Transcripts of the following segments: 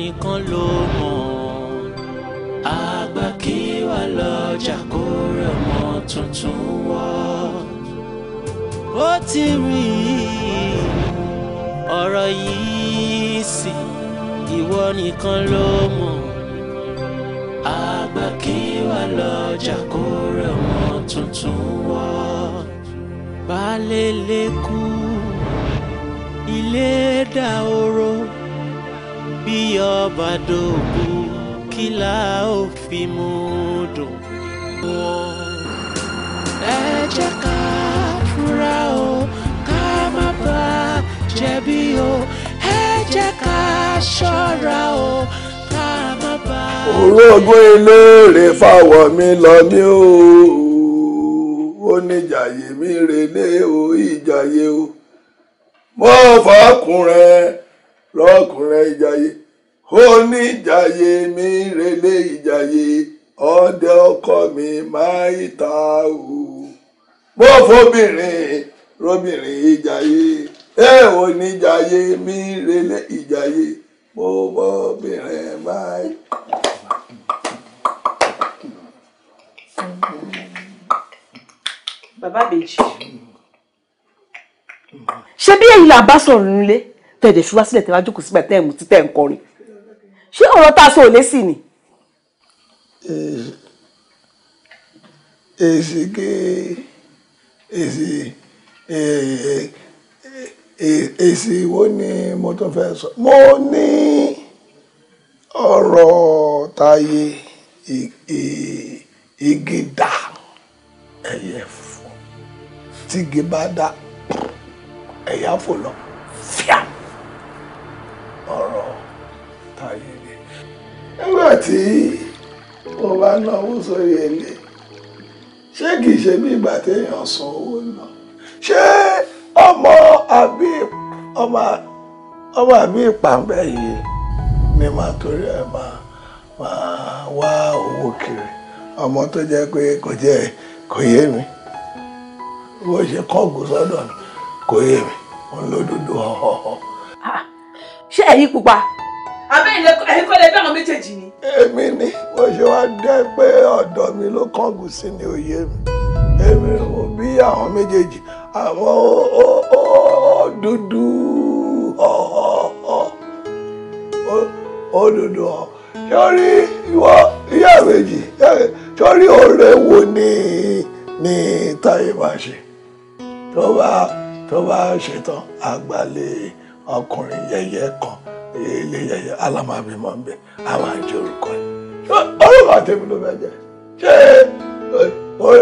nìkan ló mọ̀ àgbà kí wà lọ́jà kó rẹ̀ mọ́ tuntun wọ́ ó ti rìn ọ̀rọ̀ yìí sì ìwọ nìkan ló mọ̀ àgbà kí wà lọ́jà kó rẹ̀ mọ́ tuntun wọ́ balẹ̀ lè kú ilé dà oró bí ọba dògùn kí la ó fi mú dùn wọ́n. ẹ jẹ́ ká fura o ká má bà jẹ̀bi o ẹ jẹ́ ká ṣọ́ra o ká má bà. orogún ilé rè fáwọ̀ mi lọ ní o ó ní jàyè mi relé o ìjàyè o mo fọkùnrin lọkùnrin ìjàyè oníjàyè mi relé ìjàyè ọdẹ ọkọ mi máa ìta o bó fóbìnrin róbìnrin ìjàyè ẹ oníjàyè mi relé ìjàyè bó bóbìnrin máa ìta. bàbá bèjì ṣé bí èyí là bá sọ̀rọ̀ nílé tẹ̀dẹ̀ fi wá sílẹ̀ tẹ̀ wá jókòó síbẹ̀ tẹ̀ mú títẹ̀ ń kọrin ṣé ọ̀rọ̀ tá a sọ ò lé sí ni. èsì ké èsì èsì wo ni mo tún fẹ́ sọ mo ní ọ̀rọ̀ táyé igi dá ẹyẹ fún tígi bá dá ẹyà fò lọ fíà ọ̀rọ̀ táyé. nígbà tí mo bá náwó sórí èlé ṣé kìí ṣe bí ìgbà téèyàn san owó náà ṣé ọmọ àbí ọmọ ọmọ àbí ìpàǹbẹ̀ yìí ni ma torí ẹ̀ máa wá owó kiri ọmọ tó jẹ́ pé kò kò yé mi bó ṣe kọ́ọ̀gù sọ́dọ̀ kò yé mi òun dúdú ah, ṣé ẹ̀yin pupa abẹ́ ẹ̀yin kọ́ lẹ bí àwọn méjèèjì ni. èmi ni mo ṣe wá dé pé ọ̀dọ̀ mi ló kángun sí ni òye mi èmi ò bí àwọn méjèèjì àwọn dúdú òdòdó ọ̀ sórí ìwọ ìyá méjì sórí ọ̀rẹ́ wo ni ni táyé máa ṣe tó bá tó bá ṣetán àgbàlẹ̀ ọkùnrin yẹyẹ kan ilé alámàbí máa ń bẹ àwọn àjẹ orúkọ ẹ orúkọ tèmi ló fẹ́ jẹ ṣé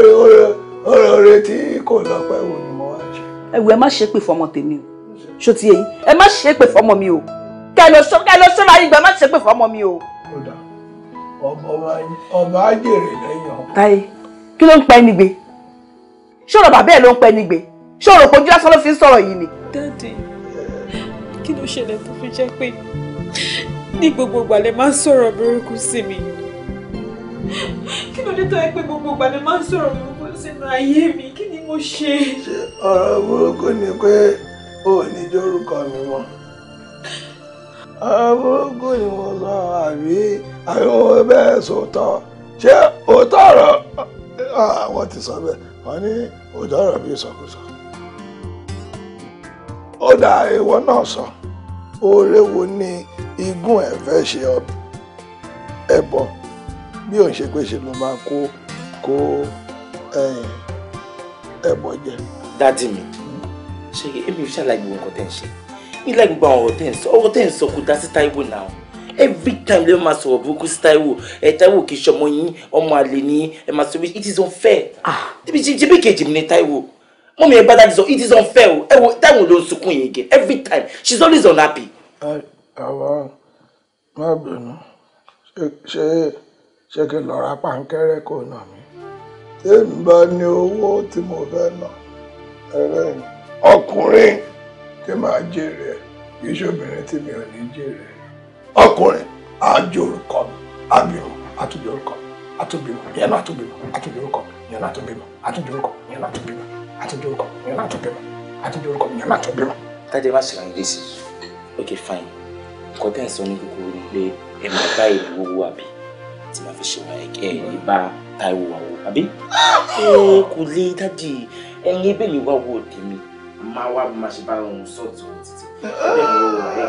oore tí kò lọ́pẹ́ wo ni mo wá jẹ. ẹwù ẹ má ṣe pè fọmọ tèmi o ṣó ti eyín ẹ má ṣe pè fọmọ mi o kẹ lọ sọ kẹ lọ sọra yín gbà má ṣe pè fọmọ mi o. ọba ajèrè lẹ́yìn ọkọ. táyé kí ló ń pa ẹni gbé ṣọ́rọ̀ bàbá ẹ̀ ló ń pa ẹni gbé ṣọ́rọ̀ òpójú lásán ló fi ń sọ̀rọ̀ yìí ni kí ló ṣẹlẹ̀ tó fi jẹ́ pé ní gbogbo ìgbà lẹ máa ń sọ̀rọ̀ burúkú sí mi kí ló dé tó yẹ pé gbogbo ìgbà lẹ máa ń sọ̀rọ̀ burúkú sínú ayé mi kí ni mo ṣe. ọ̀rọ̀ burúkú ni pé o ò ní jórúkọ mi mọ́ ọ̀rọ̀ burúkú ni mo sọ àbí àwọn ọmọ bẹ́ẹ̀ sòótọ́ ṣé òótọ́ ọ̀rọ̀ àwọn ti sọ bẹ́ẹ̀ wọ́n ní òótọ́ ọ̀rọ̀ bí ìsọkúsọ ó dà ìwọ náà sọ. So oore wo ni igún ẹ̀ fẹ́ ṣe ẹbọ bí òun ṣe pé ṣe ló máa kó kó ẹbọ jẹ. dádì mi ṣe èmi ṣàlàyé gbogbo nǹkan tẹ́ ń ṣe ilé gbogbo àwọn ọ̀rọ̀ tẹ́ ń sọ ọ̀rọ̀ tẹ́ ń sọ kò dá sí Táíwò náà every time lè máa sọ̀rọ̀ burúkú sí Táíwò ẹ Táíwò kì í ṣọmọ yín ọmọ àlè ni ẹ máa sọ it is unfair. ah ṣebí kejì mi ni Táíwò. Mommy, ẹ gbádá disọ it is unfair o ẹ wo táwọn ló ń sunkún yìí again every time she is always unhappy. àwa má bínú ṣé ṣé kí n lọ ra pàǹkẹ́rẹ́ kò nà mí tèmi bá ní owó tí mo fẹ́ nà ẹ̀rẹ́ ni ọkùnrin tí màá jèrè kì í ṣòbìnrin tí mi ò ní jèrè ọkùnrin àjòrúkọ mi àbírùn àtúnjòrúkọ àtúnbímọ ìyẹn náà àtúnbímọ àtúnjòrúkọ ìyẹn náà àtúnbímọ àtúnjòrúkọ ìyẹn náà àtúnbímọ àtúndì orúkọ ìyẹn náà tún bímọ àtúndì orúkọ ìyẹn náà tún bímọ. tájẹ́ má ṣèrànwọ́ dé sí ok fine nǹkan tẹ́ ẹ̀ sọ ní kúkúrú ni pé ẹ máa bá ìlú owó àbí tí máa fi ṣe wà ẹ ní bá Táíwò wà wò àbí. Ah! ẹ kò lè dáàdì ẹyin ẹbẹ mi wá wo òde mi máa wá máa ṣe bá ohun sọ́ọ̀tù títí bẹ́ẹ̀ ni ó wà ẹ̀.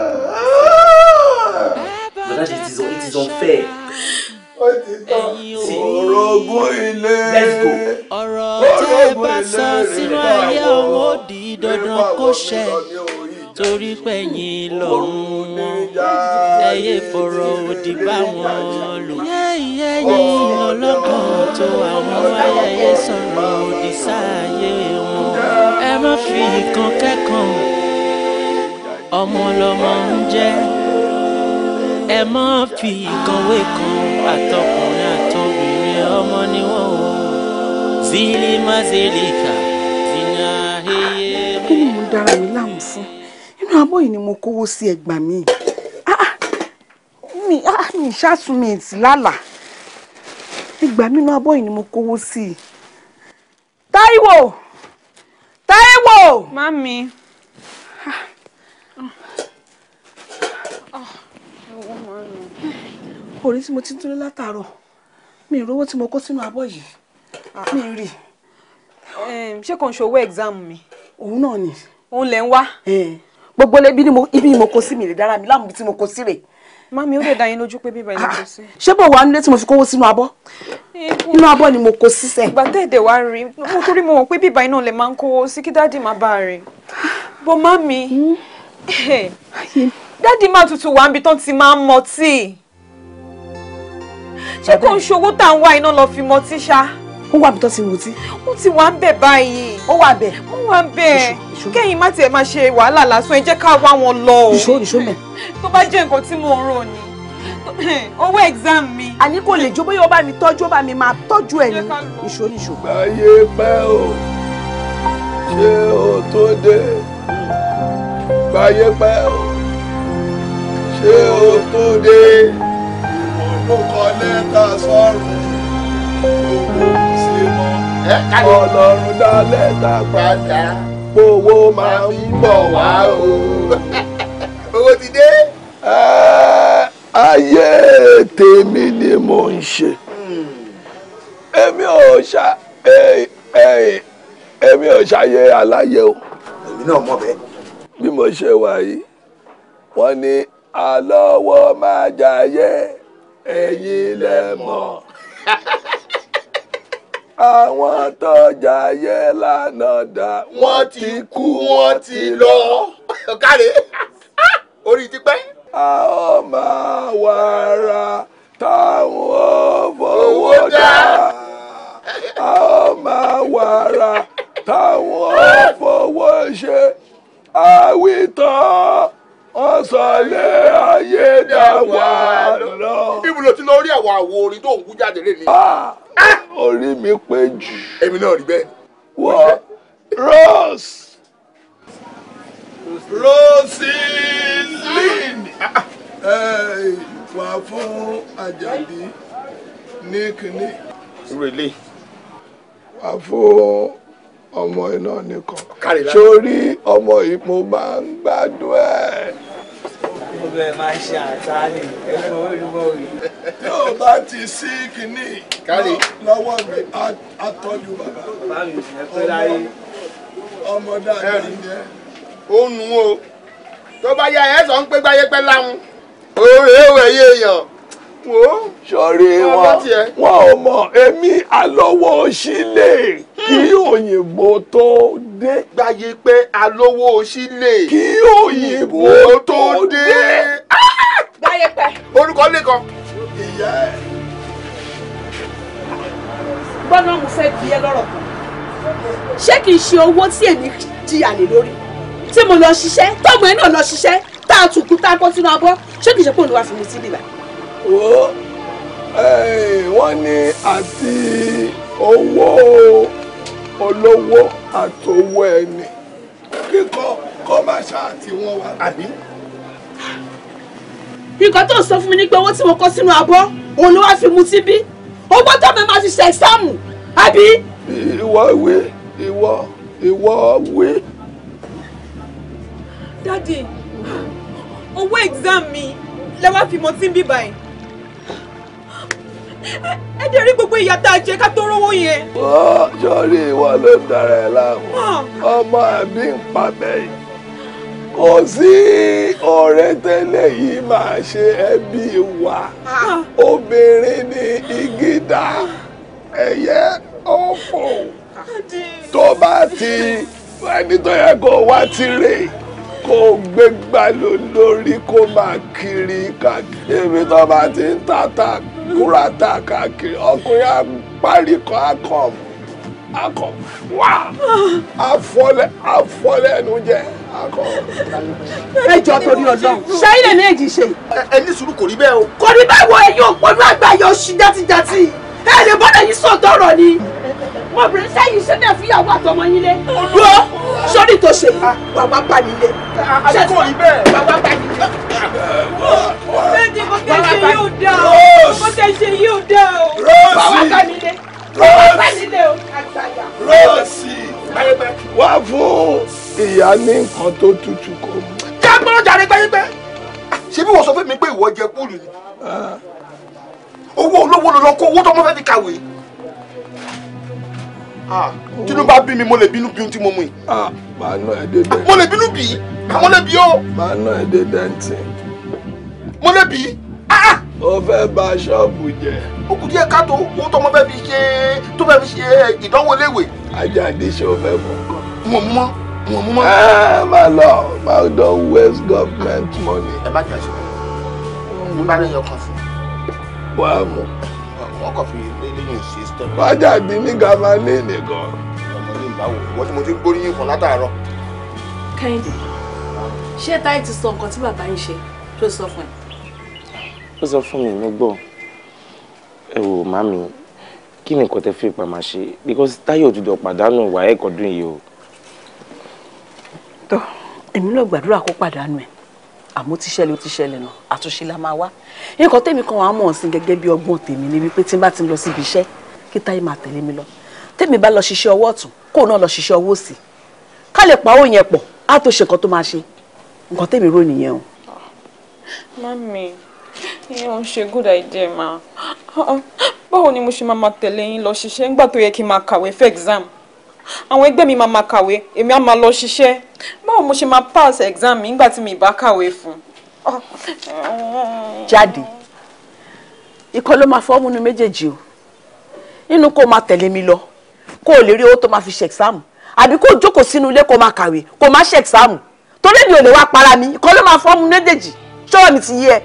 but that it is unfair ẹ̀yin òbí ọ̀rọ̀ tẹ́ bá sọ sínú ayé ọ̀hún ó dandan kó ṣẹ torí pẹ̀yìn lọ́rùn wọn ẹ̀yẹ fọ̀rọ̀ òdì bá wọn lò. ẹ̀yìn ọlọ́kàn tó àwọn ayẹyẹ sọ̀rọ̀ òdì sáàyè wọn ẹ má fi nǹkan kẹ́kọ̀ọ́ ọmọ lọmọ ń jẹ́ ẹ mọ́ fi ìkànwé kan àtọkùnrin àtobìnrin ọmọ ni wọ́n o zili mazilika zina eye. kí ni mo dára mi láàmú fún inú abọ́ yìí ni mo kówó sí ẹgbà mi ah, ah, mi ìṣàsùn ah, mi ìtì lálàá ẹgbà mi inú abọ́ yìí ni mo kówó sí i. Táíwò Táíwò. mami. Ah. orí tí mo ti ń dúró látàárọ̀ mi ì rówó tí mo kó sínú abọ́ yìí mi rí. ṣé kàn ṣòwò exam mi. òun náà ni. òun lẹ̀ ń wá. gbogbo ibi ni mo kó sí mi lè dára mi láàmú tí mo kó sí rè. mami ó lè dá yín lójú pé bíbẹ̀ ni kò sí. ṣé bò wá nílé tí mo fi kówó sínú abọ́ inú abọ́ ni mo kó sí sẹ́. ìgbà tẹ́ẹ̀dẹ̀ wá rí mo torí mo mọ̀ pé bíbá iná lè máa ń kówó sí kí dáàdì má bàa rìn bó má mi hmm? dáàdì má tutù wá níbi tán ti máa ń mọtí ṣé kò ń ṣòwò tá à ń wá iná lọ fi mọtí ṣá. ó wà bí tó ti mutí. ó ti wà ń bẹ̀ báyìí. ó wà bẹ̀. ó wà ń bẹ̀ kẹ́yìn má tiẹ̀ máa ṣe wàhálà lásán ẹ jẹ́ ká wá wọn lọ o. ìṣó ìṣó mẹ́. tó bá jẹ́ nǹkan tí mo ń rò ni owó exam mi. àní kò lè jó bóyá ó bá mi tọ́jú ó bá mi máa tọ́jú ẹ̀ ní ìṣó níṣó. báyé pẹ́ o ṣé o tó dé báyé pẹ́ o ṣé o tó dé mẹ́ta sọ́run owó ṣe mọ́ ọlọ́run dá lẹ́tà padà owó máa ń bọ̀ wá o. owó ti dé. ayé tèmi ni mo ń ṣe èmi ò ṣá èmi ò ṣàyẹ aláyẹ o. èmi náà mọ̀ bẹ́ẹ̀. bí mo ṣe wà yìí wọ́n ní alọ́wọ́ máa jayé ẹ̀yin lẹ mọ̀ àwọn tó jayé lánàá dà. wọ́n ti kú wọ́n ti lọ. káre orí ti pẹ́. a ó máa wá ra táwọn ò fowó dá. a ó máa wá ra táwọn ò fowó ṣe àwítọ́ ọ̀sọ̀lẹ̀ ayé dá wà lọ. ibi ló ti lọ rí àwọn àwo orin tó ń kú jáde lé ní. Ah, orí mi pé jù. èmi náà rí bẹ́ẹ̀. wọ rose roseline wà fún àjàdí ní kínní. wà fún ọmọ iná nìkan sórí ọmọ ipò máa ń gbádùn ẹ̀. ọbẹ̀ máa ṣe àtàlẹ̀ ẹ̀fọ́ olúmọ̀ yóò bá ti sí kínní lọ́wọ́ mi á bàbá. báyìí ẹ láyé. ọmọ dáadáa o tó bá yá ẹ sọ pé èèyàn. wo. sọ̀rí wọn wọn ò mọ̀ èmi alówó sílẹ̀ hmm. kí òyìnbó tó dé. gbàyè pé alówó sílẹ̀ kí òyìnbó tó dé. gbàyè pé. orúkọ lẹ́kọ̀ọ́. ìyá ẹ̀. gbọ́dọ̀ mo fẹ́ bí ẹ lọ́rọ̀ kan ṣé kìí ṣe owó tí èmi jìyà lé lórí tí mo lọ ṣiṣẹ́ tọ́mọ ẹ náà lọ ṣiṣẹ́ tá a tún tá a bọ́ sínú abọ́ ṣé kìí ṣe pé òun mi sí bíbá wo eh, wọ́n ní àti owó olówó àtowó ẹni kíkọ kọ́ má ṣáà tí wọ́n wá àbí. nǹkan tó ń sọ fún mi ni pé owó tí mo kọ sínú abọ́ òun ló wá fi mu síbí owó tó mi máa fi ṣe ẹ̀sáàmù àbí. ìwọ wí ìwọ ìwọ wí. dádì owó exam mi lẹ́wọ́ fi mọtí bíbá yìí ẹ dẹ̀ rí gbogbo ìyà tá a jẹ ká tó rówó yẹn. ó sọ́rí ìwọ ló ń dara ẹ̀ láàmú ọmọ mi ń pa bẹ́ẹ̀ kò sí ọ̀rẹ́ tẹ́lẹ̀ yìí máa ṣe ẹbí wa obìnrin ni ìgídà ẹ̀yẹ ọ̀fọ̀ tó bá ti ẹni tó yẹ kó wá ti rè kó gbégbá lórí kó máa kiri káàkiri ibi tó bá ti ń tàtà kúrátà káàkiri ọkùnrin apárí kan akọ̀m akọ̀m wá afọlẹ afọlẹ ẹnu jẹ akọ̀m. ẹ jọ torí Ọlọ́run ṣẹyìn lè méjì ṣe. ẹ ní sùúrù kò rí bẹ́ẹ̀ o. kò rí bẹ́ẹ̀ wo ẹ̀yin òpònú àgbáyé oṣù játijàti ẹ lè bọ́dọ̀ yìí sọ̀tọ̀ ọ̀rọ̀ ni mo bèrè sẹ́yìn ṣé bẹ́ẹ̀ fìyàwó àtọmọ yín lé. dúró sórí tó ṣe wàá ah, wá pa nílé. àdúgbò yìí bẹ́ẹ̀. wàá nílé. ìyá ní nǹkan tó tutù kò mú. ká gbọ́dọ̀ jàre gbẹ́yìngbẹ́ ṣé bí wọ́n sọ fún mi pé ìwọ jẹ kúlù ni owó olówó ló lọ kó owó tó mọ́ fẹ́ fi kàwé tínú bá bí mi mo lè bínú bí ohun tí mo mú yìí. màá ná ẹ dé dẹ́ntì. mo lè bínú bí mo lè bí o. màá ná ẹ dé dẹ́ntì. mo lè bí. ó fẹ́ bà ṣọ́ọ̀bù jẹ́. ó kù díẹ̀ káàtó owó tó mọ́ fẹ́ fi ṣe tó fẹ́ fi ṣe ìdánwò léwe. ajá àdéṣe ó fẹ́ mọ̀ mọ́ wọn mú mọ́. ẹ ah, máa lọ don waste government money. ẹ bá jẹ sọ ní bá lẹ́yìn ọkàn fún. wà á mú. ọkọ fi lẹ́yìn system. wájà bí ní gàmá ní nìkan. ọmọ ní ìbáwò wọ́n ti mo ti gbóríyìn fún látàárọ̀. kẹ́hìndé ṣé táyì ti sọ nǹkan tí bàbá yìí ṣe tó sọ fún ẹ. ó sọ fún mi mo gbọ́ ẹ wò màmí kí ni nǹkan tẹ fi ìpamọ́ ṣe because táyọ̀ òdùdọ̀ pàdánù ìwà ẹ̀kọ́ dùn yìí o tó èmi náà gbàdúrà kó pàdánù ẹ̀ àmọ́ ti ṣẹlẹ̀ ó ti ṣẹlẹ̀ náà àtúnṣe la máa wá nǹkan tèmi kan wàá mọ̀ ọ́n sí gẹ́gẹ́ bí ọgbọ́n tèmi ni wípé tí n bá ti lọ síbi iṣẹ́ kí táyé máa tẹ̀lé mi lọ tèmi bá lọ ṣiṣẹ́ ọwọ́ ọ̀tún kóun náà lọ ṣiṣẹ́ ọwọ́ òsì ká lè pa owó yẹn pọ̀ á tó ṣe nǹkan tó máa ṣe nǹkan tèmi rò nìyẹn o. mami ìyẹn ò ń ṣe good idea ma báwo ni mo ṣe máa máa tẹ̀lé yín lọ ṣiṣẹ́ nígbà tó yẹ kí n máa kàwé fún exam àwọn ẹgbẹ́ mi máa ma kàwé èmi á máa lọ ṣiṣẹ́ báwo mo ṣe ma pass exam mi nígbà tí mi bá kàwé fún. jáde ikọ́ ló máa fọ́ múnú méjèèjì o nínú kó máa tẹ̀lé mi lọ kó o lè rí owó tó máa fi ṣe exam àbí kó o jókòó sínú ilé kó o máa kàwé kó o máa ṣe exam torí mi ò lè wá para mi ikọ́ ló máa fọ́ múnú méjèèjì ṣọ́ọ̀ mi ti yé ẹ.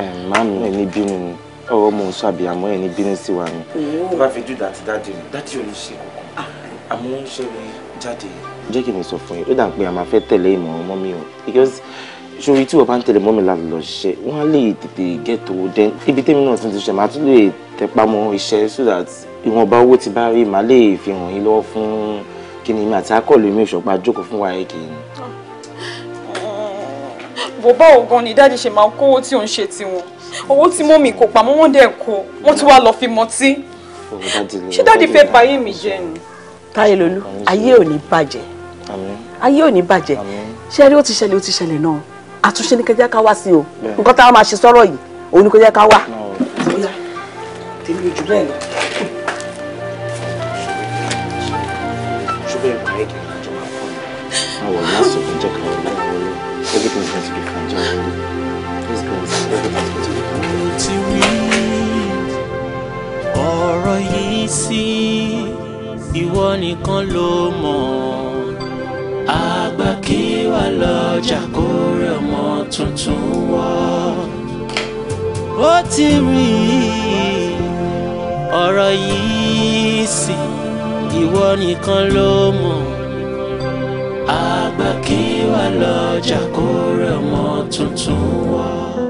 ẹ máa mi ní bínú ni ọwọ́ mo ń sọ àbíyàmọ́ ẹ̀ ní bínú sí wa ni. tó bá fi dùn dàtí dájú dájú ò ní ṣe àmọ́ ń ṣe rẹ̀ jáde. jẹ́ kí mi sọ fún yín ó dà pé a máa fẹ́ tẹ̀lé ìmọ̀ràn mọ́ mi o because sori tí o bá ń tẹ̀lé mọ́ mi láti lọ ṣiṣẹ́ wọ́n á lè tètè gẹ́tò dẹ́ ibi tẹ́mi náà ti ń ṣiṣẹ́ tún lè tẹpá mọ́ iṣẹ́ so that ìwọ̀nba owó ti bá rí màá lè fi hàn yín lọ́wọ́ fún kíni mi àti akọ́lù mi ìṣọ̀pá jókòó fún wàá èkì ni. bọ̀bá ògan ni dáàdi ṣe máa ń kówó tí òun ṣe tiwọn owó tí mọ́ mi kò pamọ́ wọ́n dẹ̀ kó wọ́n tún wá lọ fi mọtí ṣé dáàdi fẹ́ báyé mi jẹ́ ni táyélolú ayé ò ní bàjẹ́ ayé ò ní bàjẹ́ ṣe rí ó ti ṣẹlẹ̀ ó ti ṣẹlẹ̀ náà àtúnṣe ní kẹjá ká wá sí o nǹkan táwọn máa ṣe sọ́rọ̀ yìí òun ní kẹjá ká wá. everything has to be controlled let's go everything has to be controlled. ọ̀rọ̀ yìí sí ìwọ nìkan ló mọ̀. àgbà kí wà lọ́jà kórè ọmọ tuntun wọ́. ó ti rìn ọ̀rọ̀ yìí sì ìwọ nìkan ló mọ̀. àgbà kí wà lọ́jà kórè ọmọ tuntun wọ́.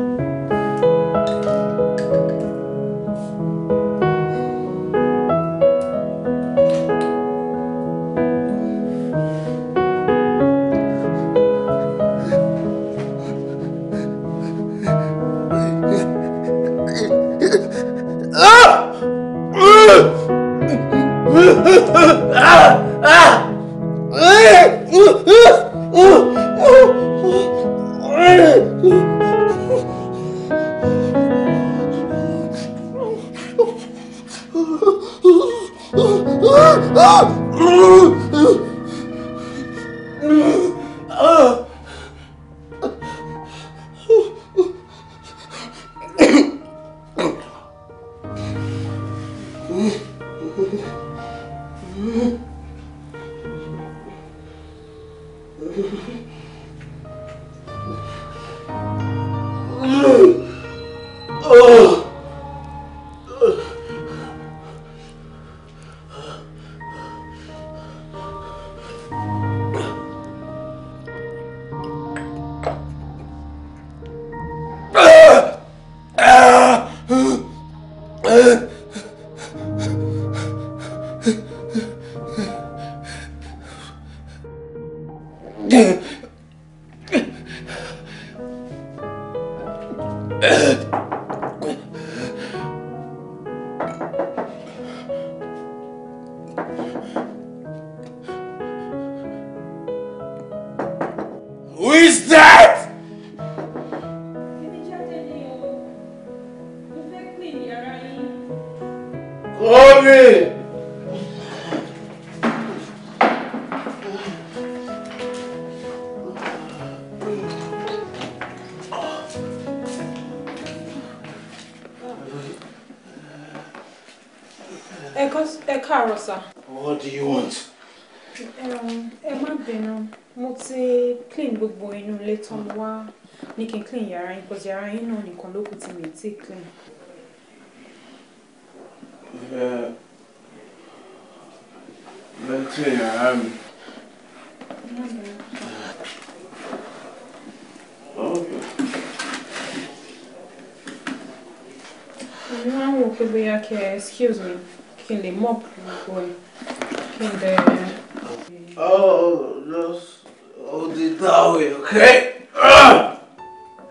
because yàrá yín náà nìkan ló kù tí mi ti clean. lẹ́tí yàrá mi. èmi máa ń wò pé bóyá kí ẹ excuse me kí n lè mọ̀ gbogbo ẹ̀ Oh, just hold it that way, okay? Ah!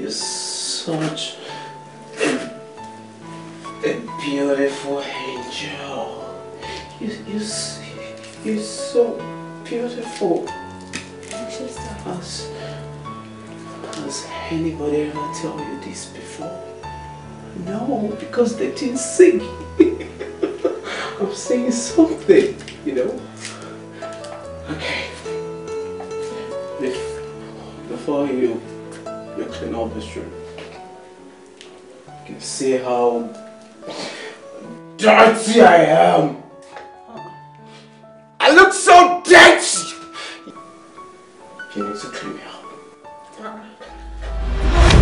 You're such a, a beautiful angel. You, you, you're so beautiful. Has, has anybody ever told you this before? No, because they didn't sing. I'm singing something, you know. Okay. Before you you clean up this room. You can see how dirty I am. I look so dirty. You need to clean me up.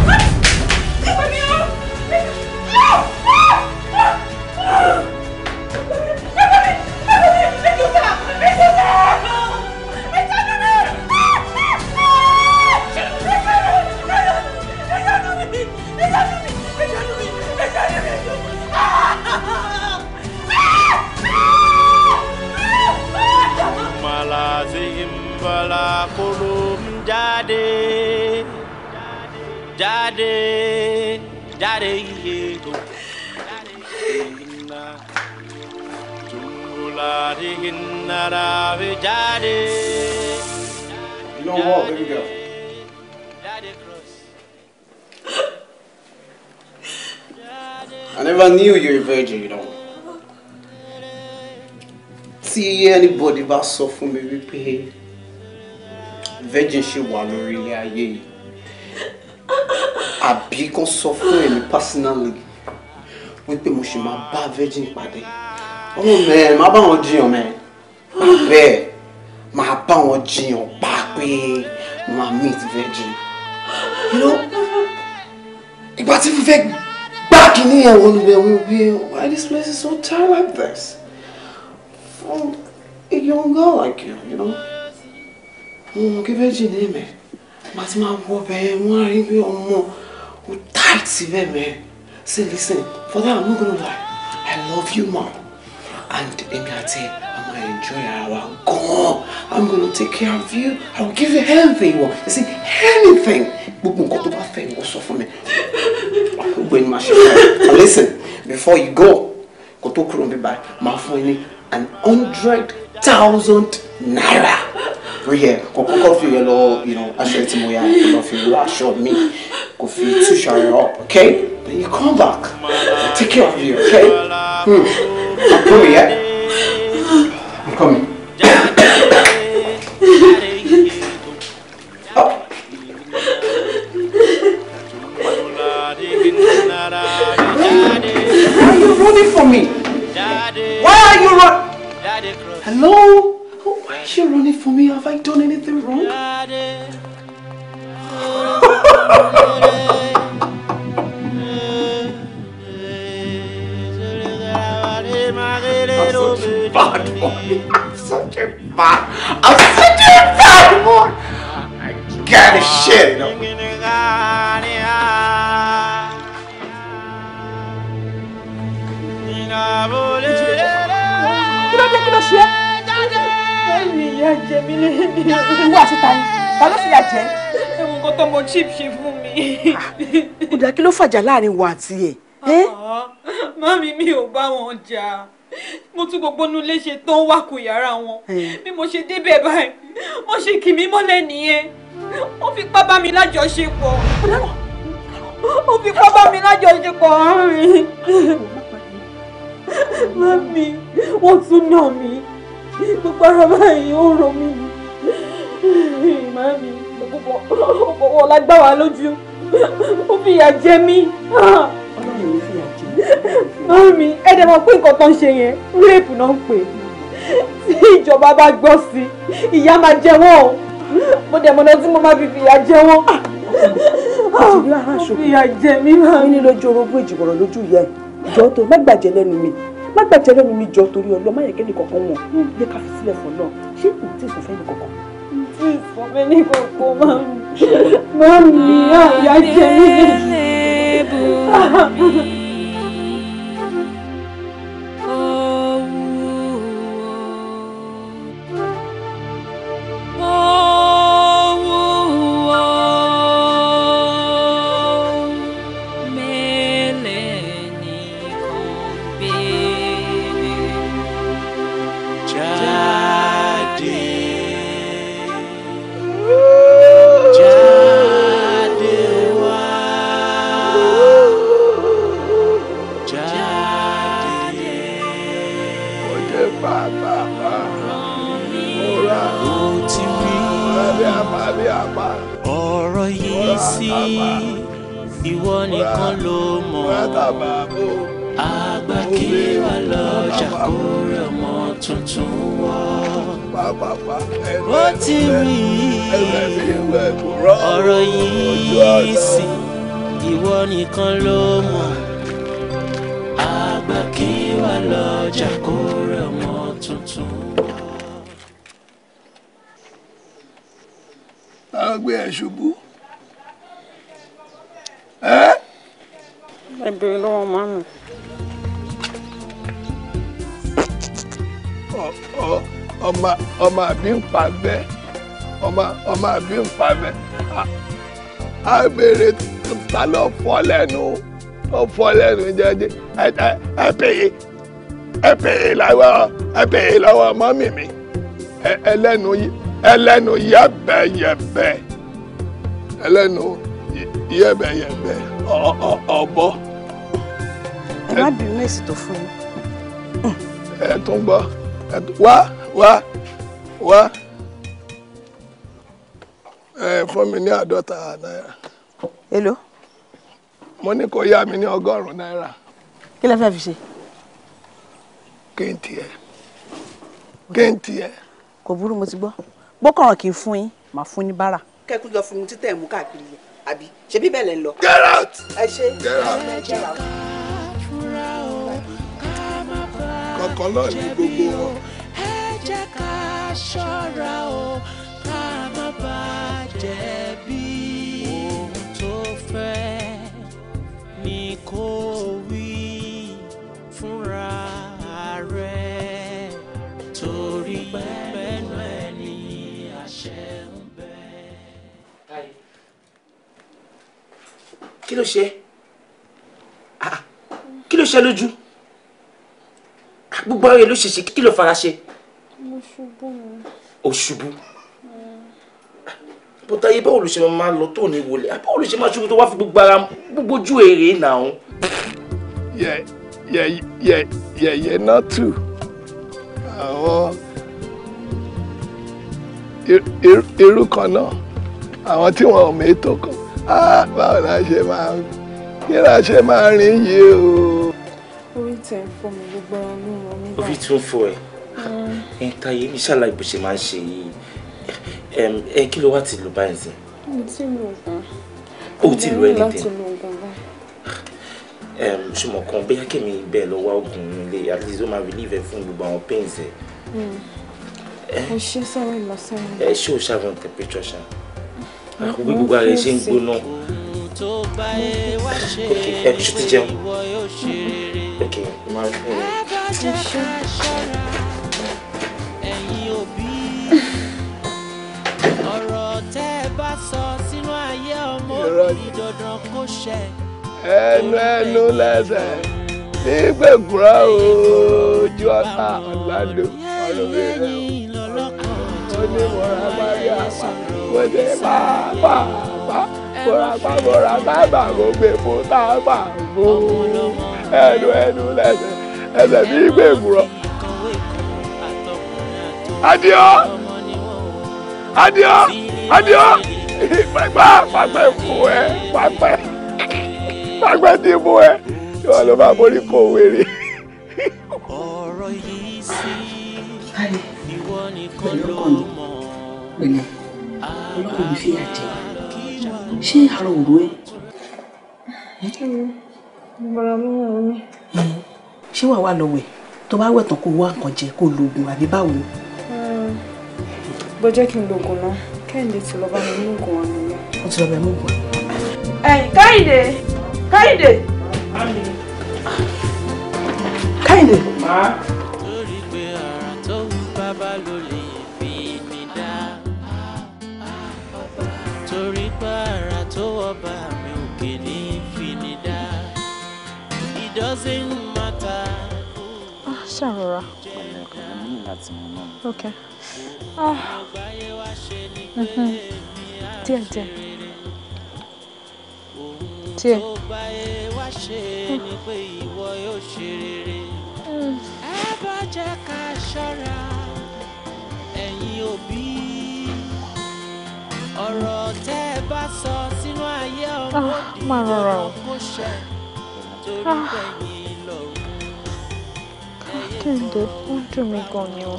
What? me alone! jáde jáde iye tó You don't walk, baby girl. I never knew you're a virgin, you know. See anybody bá suffer me mi wípé virgin she won't really ilé ayé àbí kó sọ fún èmi personally wípé mo ṣì máa bá virgin pàdé ọmọ mẹ máa bá wọn jiyàn mẹ bẹ́ẹ̀ máa bá wọn jiyàn pa pé máa meet virgin you know ìgbà tí fífẹ́ gbá kínní yẹn wọn lè wọn bí why this place is so tight like this for a young girl like you you know mo mọ kí virgin ní mẹ màá ti máa wọ bẹ́ẹ̀ wọ́n á rí pé ọmọ. That's tight, Sive, man. Say, listen, for that, I'm not gonna lie. I love you, mom. And Emi Ate, I'm gonna enjoy our go. I'm gonna take care of you. I'll give you anything you want. You see, anything. But nǹkan tó bá fẹ́ ìwọ sọ fún mi. Gbogbo ẹni máa Listen, before you go, go tó kúrò níbí báyìí, máa fún ẹ an hundred thousand naira ríhẹ kò kọ́kọ́ fi yẹ lọ aṣọ ẹ tí mo yà lọ fi lọ aṣọ mi kò fi túṣọ rẹ up okay Then you come back take care of you okay hmm. I'm coming yeah I'm coming. Why are you running for me? Why are you running? Hello? why is she running for me? Have I done anything wrong? I'm such a bad boy. I'm such a bad. I'm such a bad boy. I gotta shit it up. Bravo, ìyá jẹ mí lẹ́yìn. ìwọ àti ta ni ta ló fi yà jẹ. ewu nǹkan tó mọ chip ṣe fún mi. Ah, kódà kí ló fàjà láàrin wa àti ẹ. mami mi ò bá wọn jà mo tún gbogbo inú ilé ṣe tán wà kù yàrá wọn bí mo ṣe débẹ̀ báyìí wọ́n ṣe kì mí mọ́lẹ̀ nìyẹn wọ́n fi pá bá mi lájọṣepọ̀ wọ́n fi pá bá mi lájọṣepọ̀ ọ̀hún mi mami wọ́n tún nà mí gbogbo ara báyìí ó rọ mí ni màámi gbogbo ọ̀la gbà wá lójú ó fìyà jẹ mí. màámi ẹ dẹ̀ mọ̀ pé nǹkan tó ń ṣe yẹn rẹ́ẹ̀pù náà ń pè tí ìjọba bá gbọ́ sí ìyá máa jẹ wọ́n o mo dẹ̀ mọ̀nà tí mo máa fi fìyà jẹ wọ́n. ó fìyà jẹ mí màámi. mi ní lójú orogún ìjìbọ̀rọ̀ lójú ìyá ẹ̀ tó má gbàjẹ́ lẹ́nu mi má gbàjẹ́ lẹ́nu mi jọ torí ọlọ́ má yẹ kẹ́ni kankan wọn yẹ ká fi sílẹ̀ fún náà ṣé kò tí ì sọ fẹ́ni kankan. tí ì sọ fẹ́ni kankan máa ń máa ń mi àyà jẹ́ mi. fọ́ ó fọ́ lẹ́nu jẹjẹ ẹ pèyè ẹ pèyè lọ́wọ́ ẹ pèyè lọ́wọ́ mọ́mì mi ẹlẹ́nu ẹlẹ́nu yẹ́bẹ̀yẹ̀bẹ̀ ẹlẹ́nu yẹ́bẹ̀yẹ̀bẹ̀ ọ̀bọ. ẹ má bínú tó fún yín. ẹ tún gbọ́ wá wá wá ẹ fún mi ní àádọ́ta náírà. èlò mo ní kó yá mi ní ọgọ́rùn-ún náírà. kí lẹ fẹ́ fi ṣe. kí n tiẹ̀ kí n tiẹ̀. kò burú mo ti gbọ́ gbọ́kànràn kì í fún yín màá fún ní bára. kẹ́kùn lọ fún un títẹ̀ mú káàkiri yẹn àbí ṣe bí bẹ́ẹ̀ lẹ́ ń lọ. get out. ẹ ṣe get out. náà ní gbogbo wọn. ẹ jẹ́ ká ṣọ́ra o ká má bàa jẹ̀bi. kó wí fúnra rẹ̀ torí pẹ́ẹ́nu ẹ̀ ní àṣẹ ń bẹ. kí ló ṣe ah, ah. kí ló ṣe lójú ah, gbogbo ọ̀rẹ́ ló ṣèṣe kí ló fara ṣe. mo ṣubú mi. o ṣubú bọ́tà yìí báwo ló ṣe máa lọ tó ní wọlé àbí báwo ló ṣe máa ṣubú tó wá fi gbogbo ara gbogbo ojú èrè náà. yẹ̀yẹ̀ náà tù àwọn irú er, er, kan náà àwọn tí wọn ò mẹ́tò kan báwo la ṣe máa kí la ṣe máa rìn yìí o. orí tẹ̀ ń fọ́ mi gbogbo ọlọ́run mi báyìí. orí tún fọ ẹ mm. ẹ ta yé iṣẹ́ aláìbùsẹ̀ máa ń ṣe yìí. Um, kí kilo wá ti lò báyìí sí. mo ti lò ọgbọ́n. o ti lò anything. ṣùgbọ́n kan bóyá kèmí bẹ́ẹ̀ lọ wá oògùn nílé at least ó máa relieve ẹ fún gbogbo àwọn pains ẹ. Hmm. Eh? ẹ ṣe sọ̀rọ̀ ìlọsẹ̀rẹ̀. ẹ eh, ṣe ò ṣàfihàn temperature ṣá. àwọn ah, gbogbo ara ẹ ṣe ń gbóná. ok ẹ ṣe ti jẹun. ok máa ń fún mi. ẹnu ẹnu lẹ́sẹ̀ ní gbẹ̀gùrọ̀ ojú ọ̀tá ọ̀làdó ọlọ́bẹ̀rẹ̀ ó ní mọ̀ra bá mo ṣe pàápà bá mọ̀ra bá mọ̀ra bá bà mo gbé fún tábà fún ẹnu ẹnu lẹ́sẹ̀ ẹsẹ̀ ní gbẹ̀gùrọ̀. Adio! Adio! Adio! pàgbà pàgbà ikú ẹ pàgbà pàgbà ti mú ẹ tí wọn lọ bá borí kò wéré. ọ̀rọ̀ yìí sí ìwọ nìkan ló mọ̀ pẹ̀lẹ́ ọlọ́run ní fìyà jẹ ṣé àrò òru ẹ. bọ̀dà mú ọ̀rọ̀ mi. ṣé wàá wà lọ́wọ́ ẹ̀ tó bá wẹ̀ tán kó wá nǹkan jẹ kó lo oògùn àbí báwo. bó kí n lo oògùn náà. Kẹ́hìndé ti lọ bá mi mú gan ni. Ó ti lọ bá mú gan. Kẹ́hìndé Kẹ́hìndé. Kẹ́hìndé. Lórí pé láti mú náà. ok díẹ̀ díẹ̀ díẹ̀. ẹ bá jẹ́ ká 认得通这枚狗牛。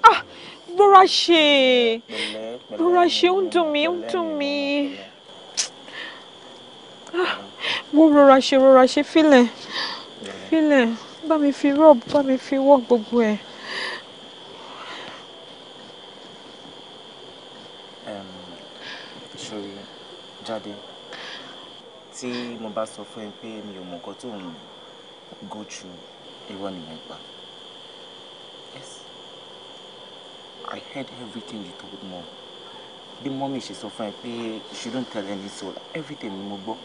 啊，rọra ṣe rọra ṣe ń dùn mí ń dùn mí. wo rọra ṣe rọra ṣe fílẹ̀ fílẹ̀ bá mi fi rọ́ọ̀bù bá mi fi wọ́ gbogbo tí mo bá sọ fún ẹ pé mi ò mọ nǹkan tó ń go through irọ́ nìyẹn gbà. yes I heard everything you told me. bí mọ́mí ṣe sọ fún ẹ pé you shouldn't tell any soul everything ni mo gbọ́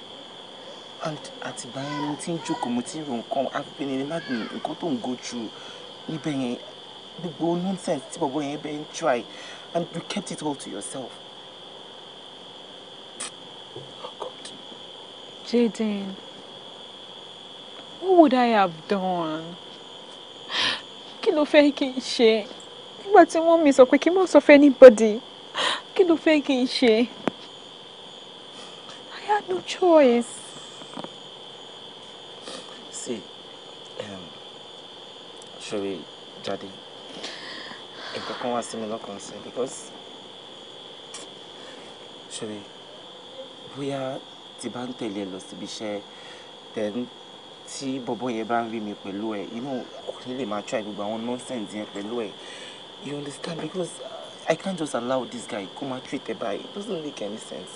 and àtìgbà yẹn mo ti ń jókòó mo ti ń ro nǹkan I've been imagining nǹkan tó ń go through níbẹ̀ yẹn gbogbo nonsense tí bọ̀bọ̀ yẹn bẹ́ẹ̀ try and you kept it all to yourself. Jaden, what would I have done? Kí ló fẹ́ kí n ṣe? Nígbà tí wọ́n mi sọ pé kí n má sọ fẹ́ anybody, kí ló fẹ́ kí n ṣe? I had no choice. See, um, sorry, Daddy, nǹkan kan wá sí mi lọ́kàn sí because We bóyá tí bá ń tẹ̀lé lọ síbi iṣẹ́ then tí bọ̀bọ̀ yẹn bá ń rí mi pẹ̀lú ẹ inú kò ní lè máa try gbogbo àwọn nonsense yẹn pẹ̀lú ẹ you understand because I can't just allow this guy kó máa treat ẹ báyìí it doesn't make any sense.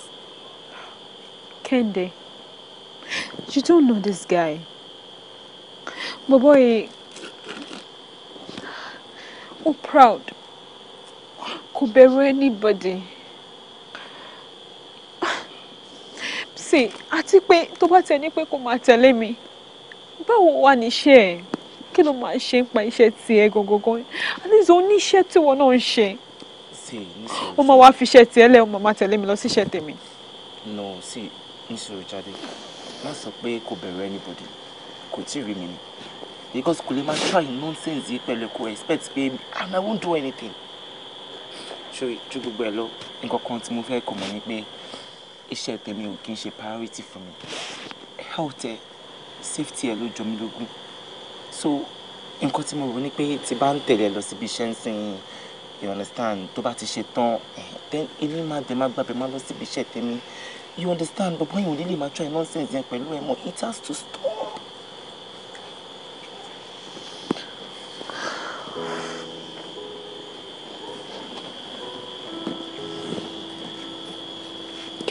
Kende you don't know this guy bọ̀bọ̀ yẹn ó proud Could bear anybody. sí àti pé tó bá tẹ ní pé kó máa tẹ̀lé mi báwo wà níṣẹ́ ẹ̀ kí ló máa ṣe ń pa iṣẹ́ tiẹ̀ gangan àníṣe oníṣẹ́ tí wọn náà ń ṣe ó máa wá fi iṣẹ́ tiẹ̀ lẹ́ ó máa tẹ̀lé mi lọ sí iṣẹ́ tèmi. no sí níṣòro jáde má sọ pé kò bẹ̀rù anybody kò tí ì rí mi ni because kò lè máa try nonsense yìí pẹ̀lú kò expect pé and ah, I won't do anything. ṣé ju gbogbo ẹ lọ nǹkan kan tí mo fẹ́ kọ̀ mọ́ ni pé iṣẹ́ tèmi ò kí ń ṣe priority fún mi health safety ẹ ló jọ mí lógún so nǹkan tí mo rò ni pé tí bá ń tẹ̀lé lọ síbi iṣẹ́ ń sìn you understand tó bá ti ṣe tán then ilé máa dẹ̀ máa gbàgbé máa lọ síbi iṣẹ́ tèmi you understand bọ̀bọ́ yìí ò ní lè máa try nonsense yẹn pẹ̀lú ẹ̀ mọ́ it has to stop.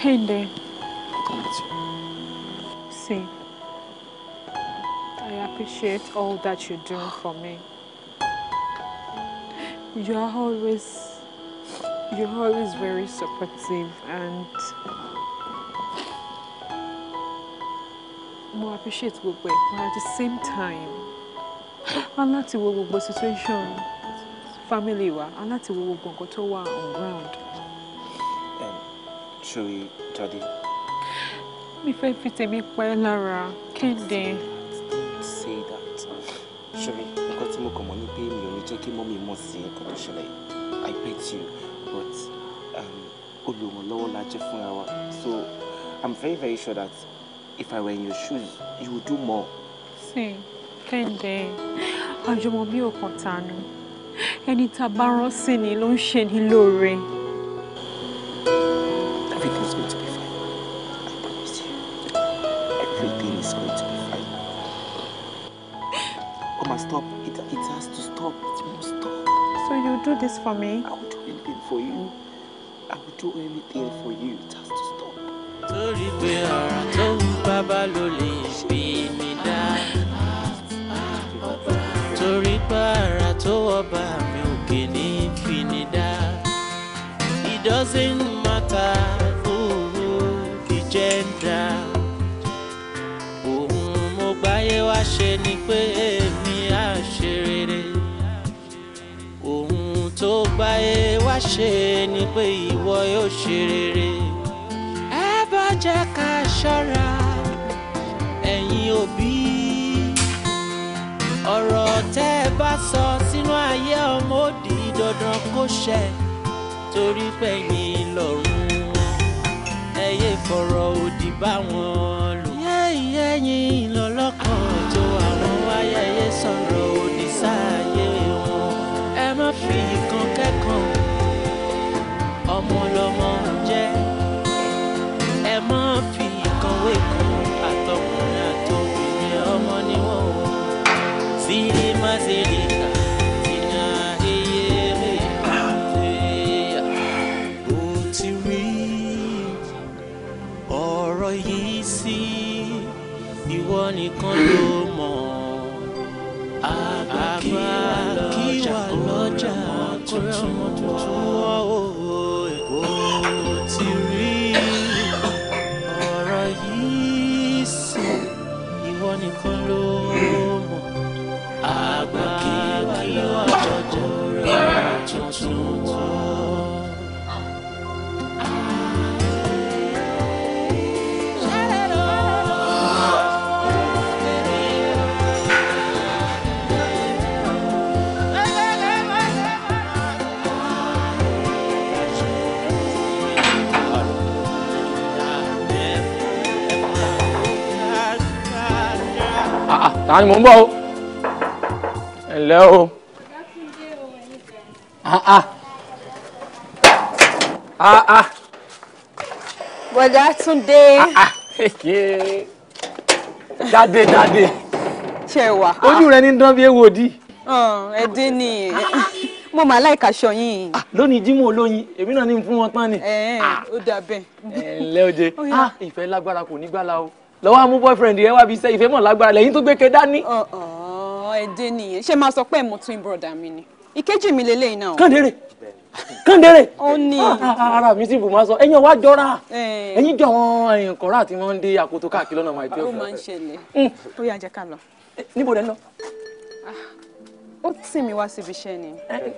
tender. See, I appreciate all that you do for me. You are always, you're always very supportive and mo appreciate gbogbo ẹ̀ but at the same time wọ́n láti wo gbogbo situation family wa wọ́n láti wo gbogbo nǹkan tó wà on ground ṣòye jáde. mi fẹ́ fi tèmi pẹ́ lára kéde. say that ṣòye nǹkan tí mo kàn mọ́ ni pé mi ò ní jẹ́ kí mọ́mí mọ̀ sí nǹkan tó ṣẹlẹ̀ i bet you but um, olùrànlọ́wọ́ la jẹ́ fúnra wa so i'm very very sure that if i were in your shoes you would do more. see kéde àjùmọ̀ bí òkúta ni ẹni tá a bá rán sí ni ló ń ṣe ní lóore. do this for me. I would do anything for you. I would do anything for you. It has to stop. torí pé ara tó ọba mi òkè ní fini it doesn't matter ooh kì jẹ́ ń dá ohun mo gbáyé wá ṣe ni pé. Hey, ṣe ni pé ìwọ yóò ṣe rere ẹ bá jẹ́ ká ṣọ́ra ẹ̀yin òbí ọ̀rọ̀ tẹ́ ẹ bá sọ sínú ayé ọmọ òdì dandan kó ṣẹ torí pẹ̀yìn lọ́rùn ẹ yé fọ̀rọ̀ òdì bá ta ni mò ń bọ̀ o ẹ ǹlẹ́ Ah, ah. ah, ah. bọ̀dá Túndé. dáde dáde. ṣe wà. ojú rẹ ní dán bí ewu òdì. ẹdín ni mo máa láìka aṣọ yín. lónìí jímọ̀ olóyin èmi náà ní fún wọn tán ni. ó dà bẹ́ẹ̀. ẹ ǹlẹ́ o jẹ ìfẹ́ lágbára kò ní gbàlà o lọ́wọ́ á boyfriend yẹn wá bí iṣẹ́ ìfẹ́ mọ̀ lágbára lẹ́yìn tó gbé ke dání. ẹ̀dẹ́ nìyẹn ṣé máa sọ pé ẹ̀mú twin brother mi ni ìkejì mi lélẹ́yìn náà. kàndéré kàndéré. ó ní. Ah, ah, ah, ara mi sì bù máa sọ ẹ̀yin ọwọ àjọra ẹ̀yin jọ àwọn ẹ̀yin kọrọ àti wọn ń dé akoto káàkiri lọ́nà máa jẹ òfin. ó máa ń ṣẹlẹ̀ hmm. ó yá jẹ́ ká lọ. Eh, níbo lẹ lọ. ó tì mí wá síbi iṣẹ́ ni. Eh,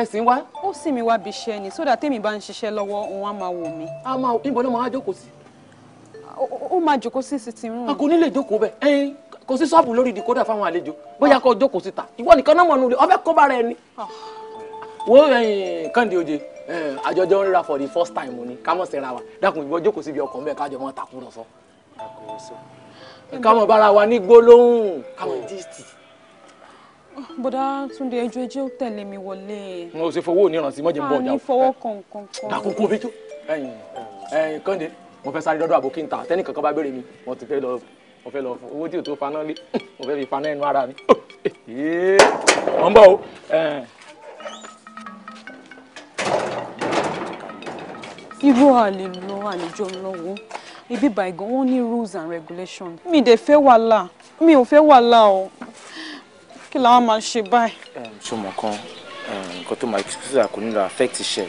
ẹ sì ń wá. ó sì mí wá bí iṣẹ́ ni sódà tèmi bá ń ṣiṣẹ́ lọ́wọ́ òun á máa wò mí. a máa níbo ló máa jókòó sí ó máa jókòó sí sitting room. a kò ní lè jókòó bẹ́ẹ̀ ẹyin kò sí ṣọ́ọ̀bù lórí dìkódà fáwọn àlejò bóyá kò jókòó síta ìwọ nìkan náà mọ̀ nù lé ọbẹ̀ kó bára ẹni. Ah. wo Kẹ́hìndé oje àjọjọ ń ríra for the first time ni ká mọ̀ síra wa dákun ìwọ jókòó síbi ọkọ̀ mẹ́ẹ̀ kájọ mọ́ tàkúrọ̀sọ. ká mọ̀ bára wa ní gbólóhùn ká mọ̀ díìtì. bọ́dá Túndé ẹjọ́ ẹjẹ́ ó tẹ̀lé mi wọlé. n ò sì fowó oníranṣẹ́ mọ́jẹ̀ ń bọ̀ ah, ọjà. a ní fọwọ́ kọ̀ọ̀kan kan. dàkún kó o bí jó mo fẹ́ sáré dọ́dọ̀ àbókí ńta tẹ́nì kankan bá béèrè mi mo ti fẹ́ lọ mo fẹ́ lọ fún owó tí o tó faná lé mo fẹ́ fi faná ẹnu ara mi mo ń bọ̀ o. irú àlelọ àlejò lọ́wọ́ ibi bàìgàn wọn ní rules and regulations mi dẹ̀ fẹ́ wàhálà mi ò fẹ́ wàhálà o kí làwọn máa ṣe báyìí. ṣọmọ kan nǹkan tó máa ṣe kò nílò affect iṣẹ́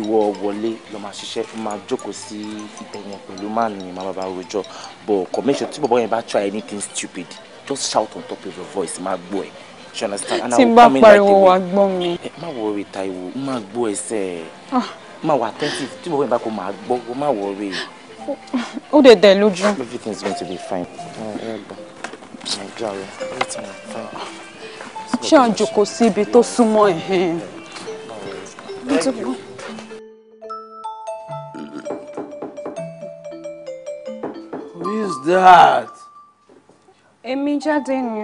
ìwọ wọlé lọ máa ṣiṣẹ́ fún máa jókòó sí ìtẹ̀yìn pẹ̀lú máa ní máa bàbá rojọ́ but commission tí bọ̀bọ̀ yẹn bá try anything stupid just shout on top of your voice máa gbọ́ ẹ̀ ṣe understand and i will come in like the way ẹ má worry Táíwò má gbọ́ ẹsẹ̀ má wà attentive tí bọ̀bọ̀ yẹn bá kó máa gbọ́ ó má worry. ó dẹ̀ dẹ̀ lójú. everything is going to be fine. ṣé àjòkó sí ibi tó súnmọ́ ẹ̀ hẹ́n. Who is that? Èmi jáde ni.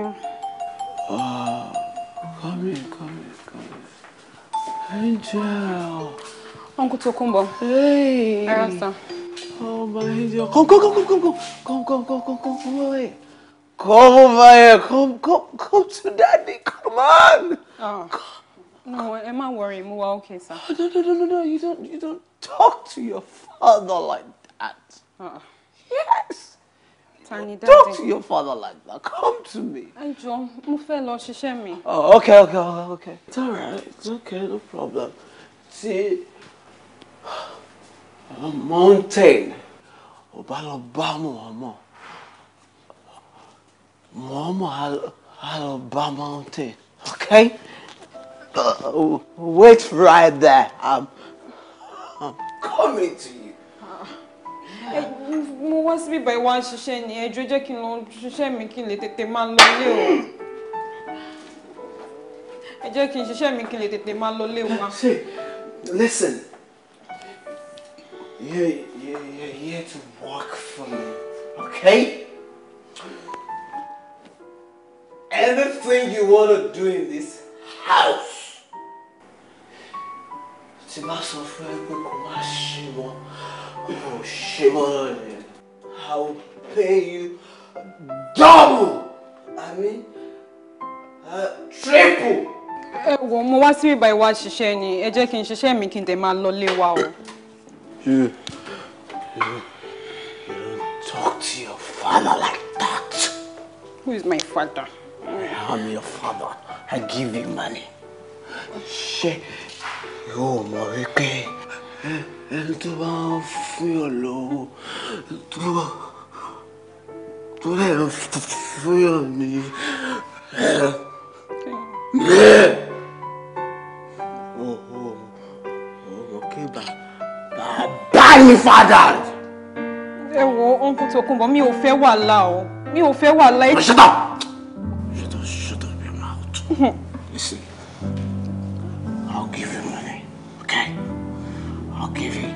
Oh, come in, come in, come in. Angel. Uncle Tokumbo. Hey. Arasa. Oh, my angel. Come, come, come, come, come, come, come, come, come, come, come away. Come over here. Come, come, come to daddy. Come on. Oh. Ah. Come. No, am I worried? Mo wà okay, sir. Oh, no, no, no, no, no. You don't, you don't talk to your father like that. Uh-uh. Yes. Talk to your father like that. Come to me. Ẹ jọ̀ọ́, mo fẹ́ lọ ṣiṣẹ́ mi. Oh, okay, okay, okay. It's all right. It's okay, no problem. Ti mountain ò mama. Mama, bá Mọ̀ọ́mọ̀. Mọ̀ọ́mọ̀ mountain. Okay? Uh, wait right there. I'm, I'm coming to you mo wá síbí báyìí wá ṣiṣẹ́ ni ẹjọ́ jẹ́ kí n lọ ṣiṣẹ́ mi kí n lè tètè máa lọ ilé o ẹ jẹ́ kí n ṣiṣẹ́ mi kí n lè tètè máa lọ ilé wa. ṣe listen you you you here to work for me okay everything you wanna do in this house tí bá sọ fún ẹ pé kò má ṣe wọn. Oh, shame on you. I'll pay you double. I mean, uh, triple. Ẹ eh, wò mo wá síbí báyìí wá ṣiṣẹ́ ni ẹ jẹ́ kí n ṣiṣẹ́ mi kí n tẹ̀ máa lọ wa o. You you don't talk to your father like that. Who is my father? I am your father. I give you money. Ṣé yóò mọ̀ wípé ẹni tó bá ń fún yàn lọ́wọ́ tó bá tó Oh, okay, ba, ba, ní ọmọ kébà bàbá ní fàdà. ẹ wo ọ̀nkú Tókunbọ̀ mi ò fẹ́ wàhálà o mi wa fẹ́ wàhálà. Shut up! Shut up, shut up your mouth. Listen, I'll give you money, okay? I'll give you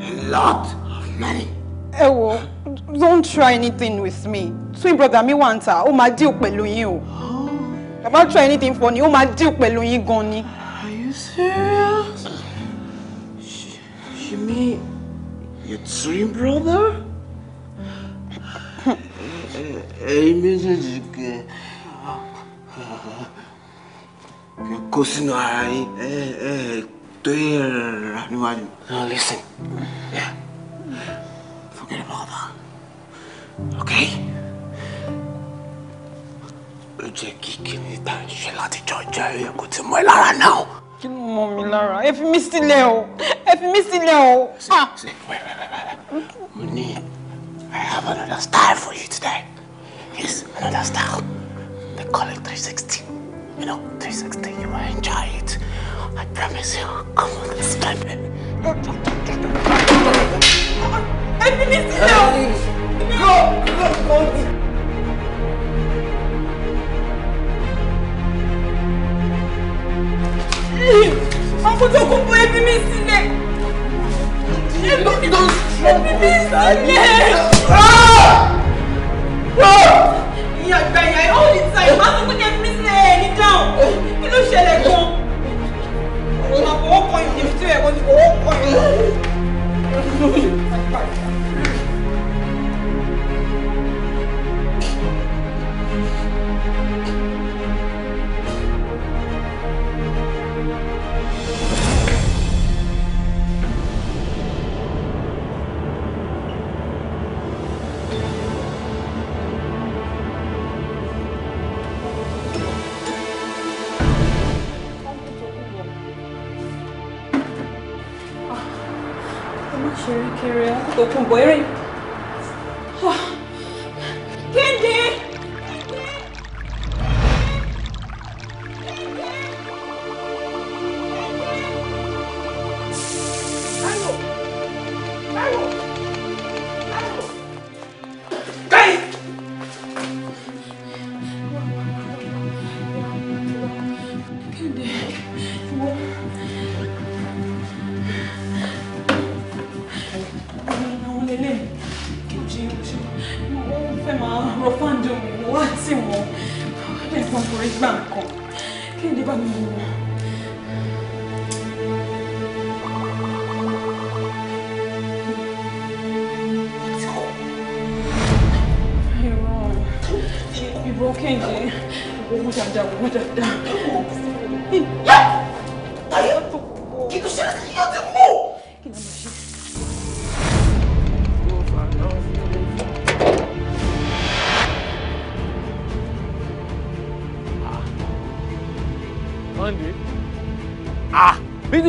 a lot of money. Ewo, don't try anything with me. Twin brother Me want ń Oh my, máa deal pẹ̀lú yín o. Bàbá try anything for ni, ó máa deal pẹ̀lú yín gan Are you serious? You mean your twin brother? Ẹyin méjèèjì kẹ kó sínú ara yín tó listen. Yeah. Forget about that. Okay? Ló jẹ́ kí kìíní tá à ń ṣe láti jọ jẹ́ ẹ̀yẹ kò ti mọ́ ẹ lára náà. Kí ló mọ mi lára? Ẹ fi mí sílẹ̀ o! Ẹ fi mí sílẹ̀ o! Ah! I have another style for you today. Yes, another style. The call it 360. You know, 360, you will enjoy it. I promise you. Come on, step in. Let me see Go! Go! Go! Àkójọ kò bọ́ ẹbí mi sílẹ̀. Ẹbí mi sílẹ̀. Ìyá àgbà ìyá all the time, máa sọ pé kẹ́bí náà kí ló ṣẹlẹ̀ gan ọ̀nà fọwọ́kọyìn ní fi tí ó yẹ kó ti fọwọ́kọyìn. Sherry Carrier. Go to Boiring.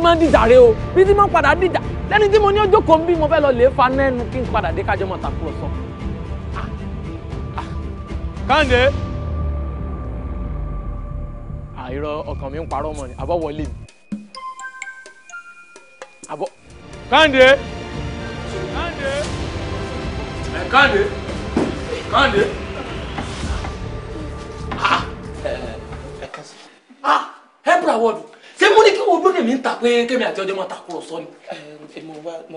máa ń dìjà rẹ o bí tí máa ń padà dìjà lẹ́ni tí mo ní ọjọ́ kan bí mo fẹ́ lọ lè fa nẹ́nu kí n padà dé kájọ́ mọ̀ tàkùrọ̀sọ. Kande. àìrọ ọkàn mi ń parọ́ mọ́ ni àbọ̀ wọlé mi àbọ̀ Kàǹdé Kàǹdé Kàǹdé Kàǹdé. àti ọjọ́ máa takùrọ̀sọ ni. mo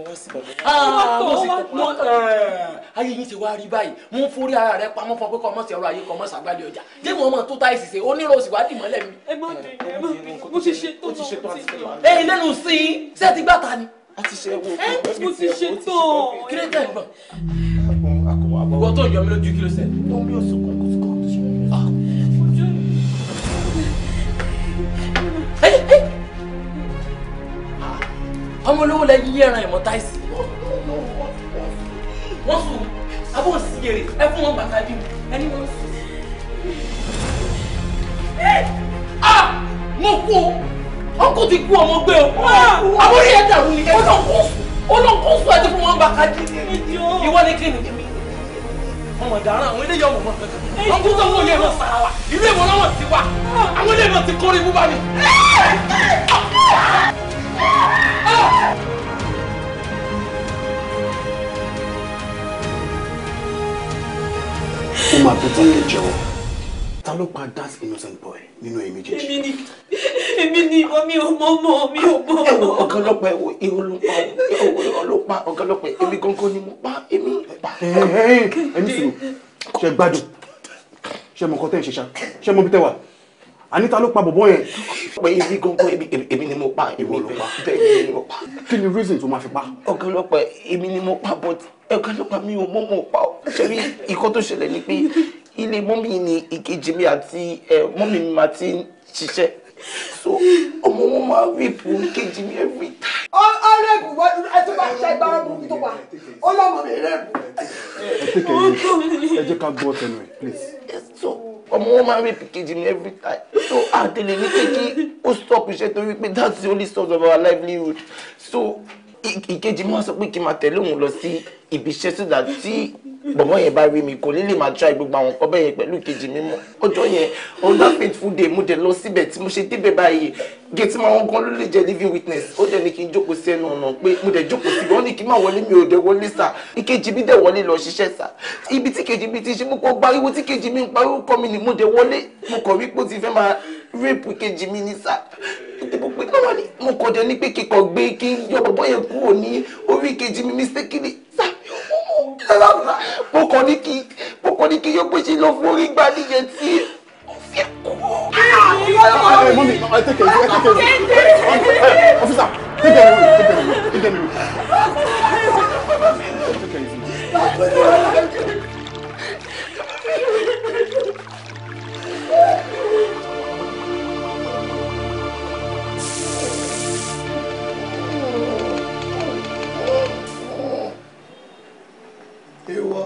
wá sí bàbá. Ah, eh, ayé yín ti wá rí báyìí mo ń forí ara rẹ pamọ́ fún ọ pé kọ́ ọmọ sí ọrọ̀ ayé kọ́ ọmọ sàgbálẹ̀ ọjà mm. jẹ́ mi ọmọ tó ta ìsìsè oníròsì wá dì mi. ẹ má dé eh, ẹ má dé mo ti ṣe tó náà. ẹyin eh, lẹ́nu sí ṣé ẹ ti gbà ta ni. a ti ṣe wo mo ti ṣe tó. kí ló ṣe. ó ń ọmọ olówó lẹ yí ẹran ẹ̀mọ́ táìsì. wọ́n sùn abó sí èrè ẹ fún wọn bàtà bí ẹni wọ́n sùn. a ah! mo kú ọkọ ti kú ọmọ gbé o àbórí ẹ dàrú ni ó lọ kó sùn ó lọ kó sùn ẹ ti fún wọn bàtà bí ìwọ ni kí ni ọmọ ìdáná àwọn eléyà ọmọ ọmọ kankan wọn kó sọ fún ilé ìwọ sara wa ilé ìwọ náà wọn ti wa àwọn ilé ìwọ ti kọrin búba mi ó máa fi tán lè jẹ́wọ́ ta that innocent boy nínú èyí méjèèjì. èmi ni èmi ni omi ò mọ ọmọ mi ò mọ ọmọ. ẹ wo ọ̀gá ọlọ́pàá ẹ wo ìwọ ló pa ni mo pa èmi pa. ẹ̀yin ẹ̀yin sùn ṣe gbádùn ṣe mọ nǹkan tẹ́ ẹ ṣe ṣá ṣe mọ bí tẹ́ wà anita ló pa bọ̀bọ̀ yẹn. pé ibi gangan èmi ni mo pa èmi bẹ́ẹ̀ ni mo pa. kí ni reason tó máa fi pa. ọ̀gá ọlọ́pàá èmi ni mo pa but ọ̀gá ọlọ́pàá mi ò mọ̀ mọ̀ pa ọ́ ṣẹ́rí ikọ́ tó ṣẹlẹ̀ ni pé ilé mọ́mì ni ìkejì mi àti mọ́mì mi máa ti ń ṣiṣẹ́ so ọmọ wọn máa rìpù kejì mi every time. ọ ọ rẹ́bù wọ́n ẹtí máa ṣe ìgbà ọ̀rọ̀ burúkú tó wà ó lọ́mọ mi rẹ́bù. ẹ jẹ́ ká gbọ́ tẹnu ẹ̀ please. so ọmọ wọn máa rìpù kejì mi every time so àtẹlẹ ní kékeré ó stop iṣẹ́ torí pé that's the only source of our livelihood so ìkejì mi wá sọ pé kí n máa tẹ̀lé òun lọ sí ibiṣẹ́ sí that tí bọ̀bọ̀ yẹn bá rí mi kò ní lè máa try gbogbo àwọn nǹkan bẹ́ẹ̀ yẹn pẹ̀lú ìkejì mi mọ́ ọjọ́ yẹn on that fateful day mo dẹ̀ lọ síbẹ̀ tí mo ṣe débẹ̀ báyìí gẹ̀tì máa wọn gan ló lè jẹ́ living witness ó dẹ̀ ní kí n jókòó sí ẹnu ọ̀nà pé mo dẹ̀ jókòó síbi wọ́n ní kí n má wọlé mi ò dẹ̀ wọlé sà ìkejì mi dẹ̀ wọlé lọ ṣiṣẹ́ sà ibi tí kejì mi ti ṣe mo kọ́ gbariwo tí kejì mi ń pariwo kọ́ mi ni mo dẹ̀ wọlé mo kọ̀ wípé o ti fẹ́ máa rape kejì mi ní sà mo kọ̀ dẹ̀ ní pé kíkọ̀ gbé kí n yọ bọ̀bọ̀ yẹn kúrò ní orí kejì mi mistakenly sà jalaba mo kàn ní kí mo kàn ní kí yóò gbèsè lọ fún orí gbà níyẹn tí ó fi kú. ọfíìsà tẹkẹ mi tẹkẹ ewọ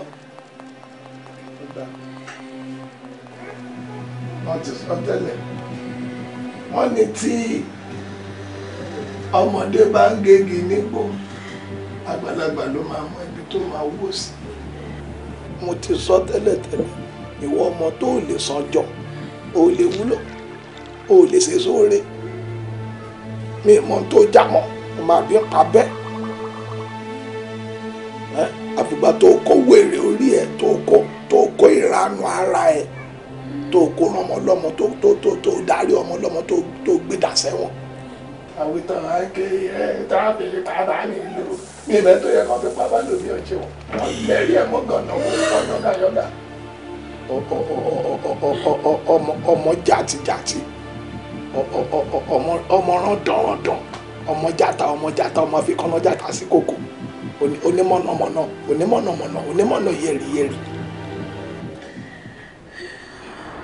wọ́n ti sọ tẹ́lẹ̀ wọ́n ní tí ọmọdé bá ń gégi nígbò àgbàlagbà ló máa mọ ibi tó máa wó sí mo ti sọ tẹ́lẹ̀ tẹ́lẹ̀ ìwọ ọmọ tó o lè sanjọ o lè wúlò o lè ṣe sóore mi mọ tó já mọ́ o máa bí ń pa bẹ́ẹ̀ àfìgbà tó kọ́ wèrè orí ẹ̀ tó kọ́ tó kọ́ ìranù ara ẹ̀ tó kó ọmọ lọ́mọ tó tó tó tó darí ọmọ lọ́mọ tó tó gbé dà sẹ́wọ̀n. àwìtàn àńké ẹ tá a fi ká bá mi lò ní ìbẹ́ tó yẹ kó fi pa bá lómi ọjọ́ wọn lẹ́rí ẹ̀ mọ́ gànà wọn yọ̀gàyọ̀gà. ọmọ jàtijàti ọmọ rán dánrán dán ọmọ jàta ọmọ jàta ọmọ fi kọ́nà jàta sí kòkó onímọ̀nàmọ̀nà onímọ̀nàmọ̀nà onímọ̀nà yẹ̀rìyẹ̀rì.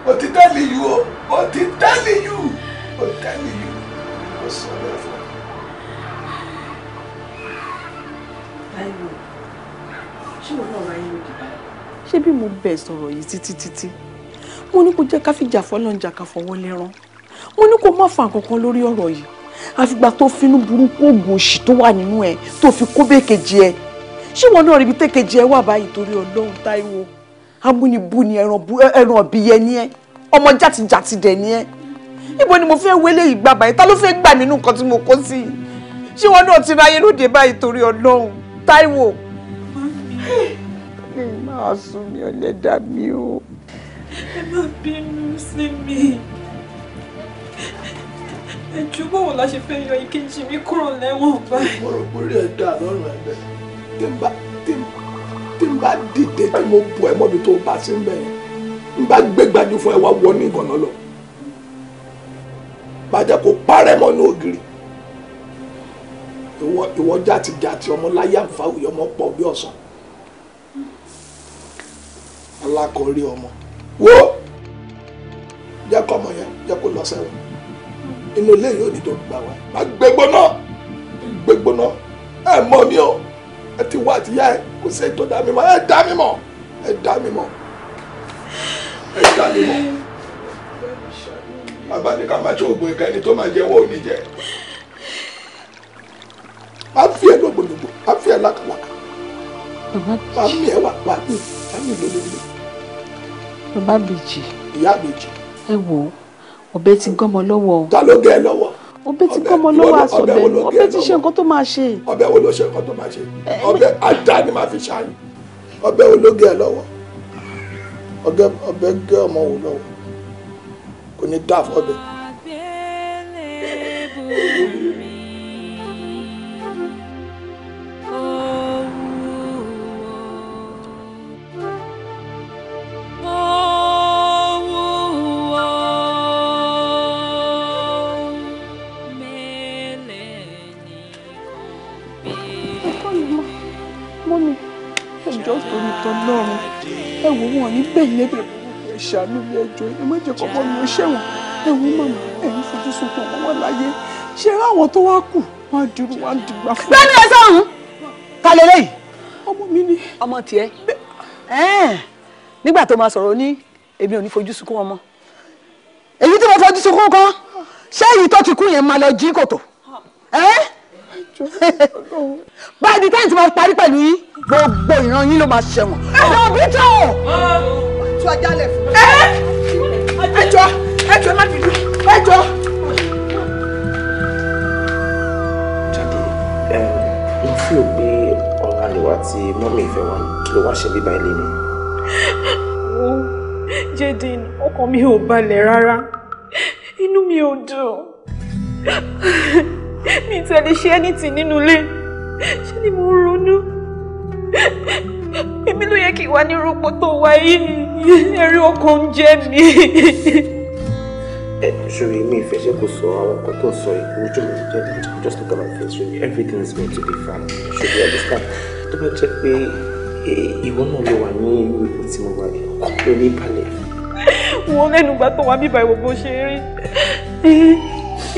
mo ti tẹ́lẹ̀ yìí o mo ti tẹ́lẹ̀ yìí o tẹ́lẹ̀ yìí o sọ bẹ́ẹ̀ fún mi. báyìí ṣé òun náà wáyé lókè báyìí. ṣé bí mo bẹ̀ sọ̀rọ̀ yìí títí títí mo ní kó jẹ́ ká fìjà fọlọ́njà ká fọwọ́ lẹ́rán mo ní kó má fa nǹkan kan lórí ọ̀rọ̀ yìí àfìgbà tó finú burúkú oògùn òṣì tó wà nínú ẹ tó fi kó bẹ́ẹ̀kejì ẹ ṣé wọn náà ríbi tẹ́kejì ẹ wà báyìí torí ọlọ́run táíwò amúnibú ni ẹran ọ̀bìyẹ ni ẹ ọmọ jàtijàti dẹ̀ ni ẹ níbo ni mo fẹ́ wélé ìgbà báyìí ta ló fẹ́ gbà mí nínú nǹkan tí mo kó sí i ṣé wọn náà ti ráyé lóde báyìí torí ọlọ́run táíwò. ẹ máa sún mi ọlẹ́dàá mi o. ẹ má bínú sí mi ẹ jù báwo la ṣe fẹ́ yọ ìkejì mi kúrò lẹ́wọ̀n báyìí. mo rò pé rí ẹ dá lọ́rùn ẹ bẹ́ẹ̀ tí n bá tí n tí n bá dìde tí mo bù ẹ mọ́bi tó bá sí mbẹ́ n bá gbé gbajú fún ẹ wá wọ ní ìgànnà lọ bàjẹ́ kó parẹ́ mọ́ ní ògiri ìwọ ìwọ játi játi ọmọ láyé àǹfààwì ọmọ pọ̀ bí ọ̀sán alákọ̀ọ́rí ọmọ wo jẹ́ kọ́ ọmọ yẹn jẹ́ kó lọ sẹ́wọ̀n inú ilé yóò di tó gbà wá má gbégbóná gbégbóná ẹ mọ mi o ẹ ti wá àtìyá ẹ kò sí ètò dá mi mọ ẹ dá mi mọ ẹ dá mi mọ ẹ dá mi mọ bàbá ní ká máa ṣe oògùn ìka ẹni tó máa jẹ owó òní jẹ má fi ẹ lógbòlógbò má fi ẹ lákàlàkà má mi ẹ wà pa mi má mi lólórí. bàbá bèjì. ìyá bèjì. ẹ wò ó ọ̀bẹ ti gọ́mọ lọ́wọ́ o. ta ló gé ẹ lọ́wọ́. ọ̀bẹ ti gọ́mọ lọ́wọ́ àsọ̀bẹ ni ọ̀bẹ ti ṣe nǹkan tó máa ṣe. ọ̀bẹ wo ló ṣe nǹkan tó máa ṣe eh, eh, ọ̀bẹ ajá ni màá fi ṣàyìn ọ̀bẹ wo ló gé lọ́wọ́ ọ̀bẹ gé ọmọ wo lọ́wọ́ kò ní dáàfọ́ bẹ́ẹ̀. yín bẹ́ẹ̀ yẹn bẹ̀rẹ̀ ẹ ẹjọ́ ẹ má jẹ́ kọ́kọ́ mi ó ṣẹ̀wọ̀n ẹ̀wọ̀n màmá ẹ̀yìn fojú sunkún ọmọ wọn láyé ṣe ráwọn tó wá kù wọn á dirú wọn á dìgbà fún mi. bẹ́ẹ̀ni ẹ sọ̀rọ̀ ká lè léyìí. ọmọ mi ni. ọmọ tiẹ̀ nígbà tó máa sọ̀rọ̀ ní èmi ò ní fojú sunkún ọmọ èyí tí mo fojú sunkún kan ṣé èyí tó ti kú yẹn máa lọ jí kòtò by the time tí mo parí pẹ̀lú yín gbogbo ìran yín ló máa ṣẹ̀wọ̀n. ẹ lọ bí tó. tí wàá jálẹ̀ fún mi. ẹ jọ ẹ jọ má bínú ẹ jọ. jáde ẹ mo fi ò pé ọ̀rọ̀ àlèwà tí mọ́mí ìfẹ́ wa kí ló wá ṣe bíbá ilé ni. jẹ́dí ọkàn mi ò balẹ̀ rárá inú mi ò dùn mi ì tẹ̀lé ṣe anything nínú ilé ṣé ni mo ń ronú èmi ló yẹ kí wà ní rúpò tó wá yìí ẹ̀rí ọkàn ń jẹ mi. ṣòro èmi ìfẹ́ ṣe kò sọ àwọn nǹkan tó sọ yìí lójú mi jẹ́ just look at my face really everything is going to be fine ṣòro you understand tó bá jẹ́ pé ìwọ náà ló wà ní irú ipò tí mo wà yìí ọkàn ló ní balẹ̀. wọn lẹ́nu gbà tó wá bíbá ìwọ bó ṣe rí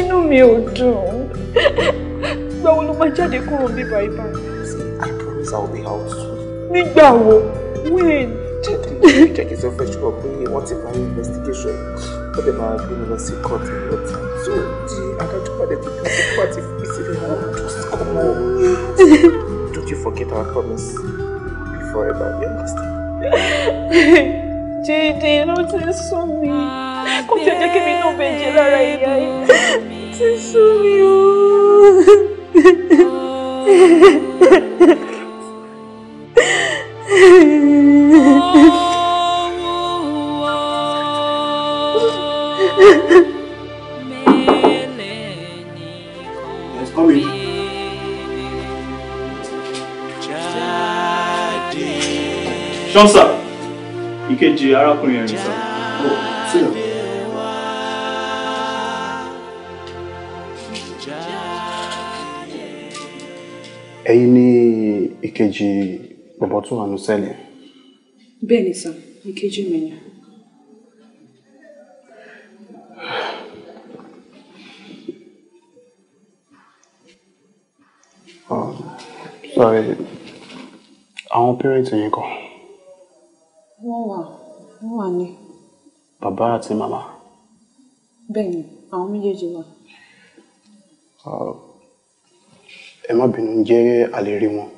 inú mi ò dùn. Ìgbà ló máa jáde kúrò ní bàbá ibà? I promise I will be out soon. Nígbà wo? When? Jẹ́ kí n sọ fẹ́ ṣùgbọ́n pé wọ́n ti parí investigation. Wọ́n dẹ̀ máa gbé mi lọ sí court ní ọ̀tá. So di adájọ́ padà ti bí sí pàtì fún sílẹ̀ náà. Just come on. Don't you forget our promise before ever you understand. Jíde ló ti sún mi. Ah kò tí ẹ jẹ́ kí mi náà bẹ jẹ lára ìyá yìí ti sú mi o. ẹ̀yin ni ìkejì bọ̀bọ̀ tó wà ní sẹ́ẹ̀lì. bẹ́ẹ̀ ni sọ ìkejì mi ni. Ah, sorry àwọn pẹ́rẹ́ǹtì yẹn kọ́. wọ́n wà wọ́n wà ní. bàbá àti màmá. bẹ́ẹ̀ ni àwọn méjèèjì wà. Uh, ẹ má bínú ǹjẹ́ a lè rí wọn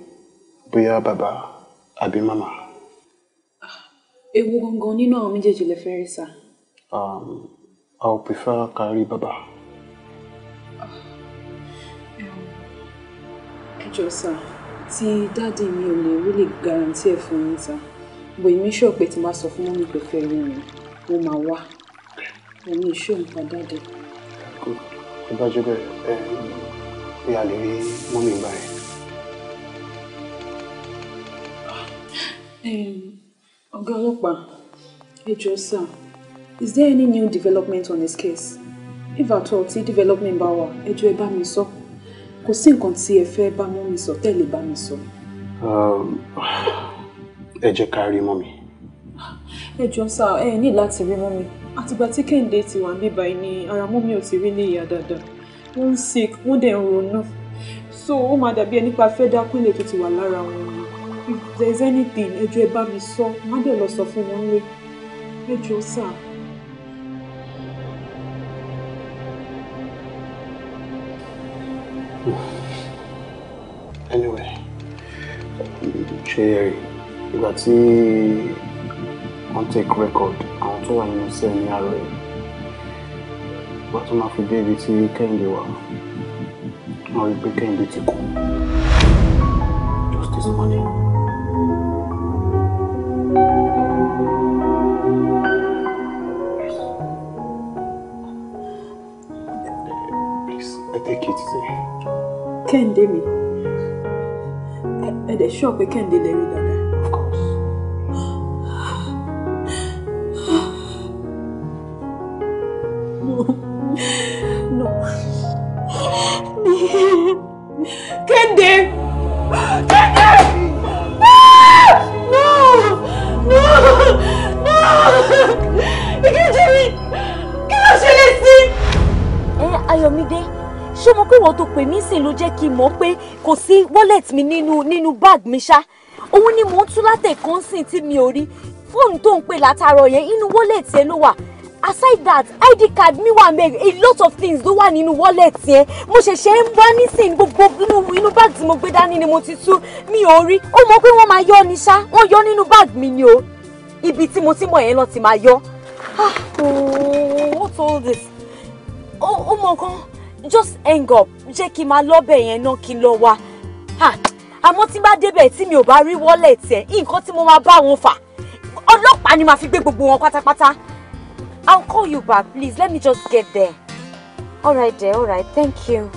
bóyá bàbá àbí màmá. Ah, ewu gangan nínú àwọn méjèèjì lè fẹ́ rí sá. I would prefer ká rí bàbá. Ah, ẹ jọ̀ọ́ sá tí dáàdi mi ò lè rí lè guarantee ẹ̀ fún yín sá bò èmi sọ pé tí n bá sọ fún mọ́mí pé fẹ́ rí mi mo máa wá èmi ìṣó nípa dáàdi. kò tó bá jẹ́ bẹ́ẹ̀ ẹ̀ ẹ̀ pé a lè rí mọ́mí ìgbà rẹ̀. is there any new development on this case if at all tí development bawa wà ẹ jọ̀ọ́ ẹ bá mi sọ kò sí nǹkan tí ẹ fẹ́ bá mọ́mí sọ tẹ́lẹ̀ bá mi sọ. ẹ jẹ́ ká rí mọ́mí. ẹ jọ̀ọ́ sir ẹ ní láti rí mọ́mí àtìgbà tí Kẹ́hìndé ti wà níbàyí ni ara mọ́mí ò ti rí ní ìyá dáadáa wọ́n ń sick wọ́n dẹ̀ ń ronú so ó máa dàbí ẹni pa fẹ́ dákú ilé tó ti wà lára wọn ni if there is anything ẹjọ́ ẹ bá mi sọ má dẹ̀ lọ sọ fún wọn lé ẹjọ́ sáà. anyway ṣeyẹri ìgbà tí wọ́n take record àwọn tó wà nínú sẹ́ẹ̀ ní àárọ̀ yìí ìgbà tó máa fi dé ibi tí kẹ́hìndé wà wọ́n rí pé kẹ́hìndé ti kú just this Kẹ́hìndé mi. Ẹ dẹ̀ ṣọ́ọ̀ pé Kẹ́hìndé lè rí dáa. jẹ́ kí n mọ̀ pé kò sí wallet mi nínú nínú bag mi ṣá òun ni mò ń tú látẹ̀kọ́ sí tí mi ò rí fóònù tó ń pè látàárọ̀ yẹn inú wallet yẹn ló wà aside that id card mi wà mẹ́rin a lot of things ló wà nínú wallet yẹn mo ṣẹ̀ṣẹ̀ ń wá nísìn gbogbo inú inú bag tí mo gbé dání ni mo ti tú mi ò rí ó mọ̀ pé wọ́n máa yọ ni ṣá wọ́n yọ nínú bag mi ni o ibi tí mo ti mọ̀ yẹn lọ ti máa yọ ah ooo oh, what's all this ó mọ̀ gan just hang up jẹ́ kí n máa lọ́bẹ̀ yẹn náà kí n lọ wá àmọ́ tí n bá débẹ̀ tí mi ò bá rí wallet ẹ̀ nǹkan tí mo máa bá wọn fà ọlọ́pàá ni màá fi gbé gbogbo wọn pátápátá I'll call you back please let me just get there alright there alright thank you.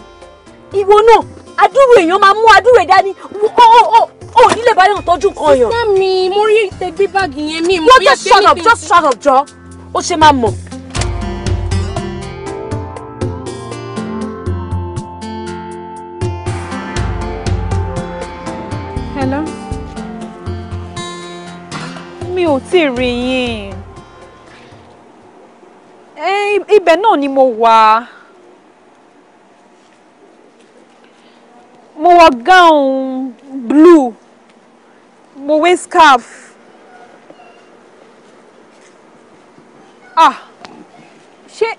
ìwọ náà àdúrò èèyàn máa mú àdúrò dání ó nílé báyọ̀ tọ́jú kan yàn. sísá mi mo rí ìtẹ̀gbẹ́ báàgì yẹn mi. no just shut up just shut up jọ ó ṣe máa mọ̀. ò tí ì rí yín ibẹ̀ náà ni mo wà mo wọ gown blue mo wé scarf ah ṣé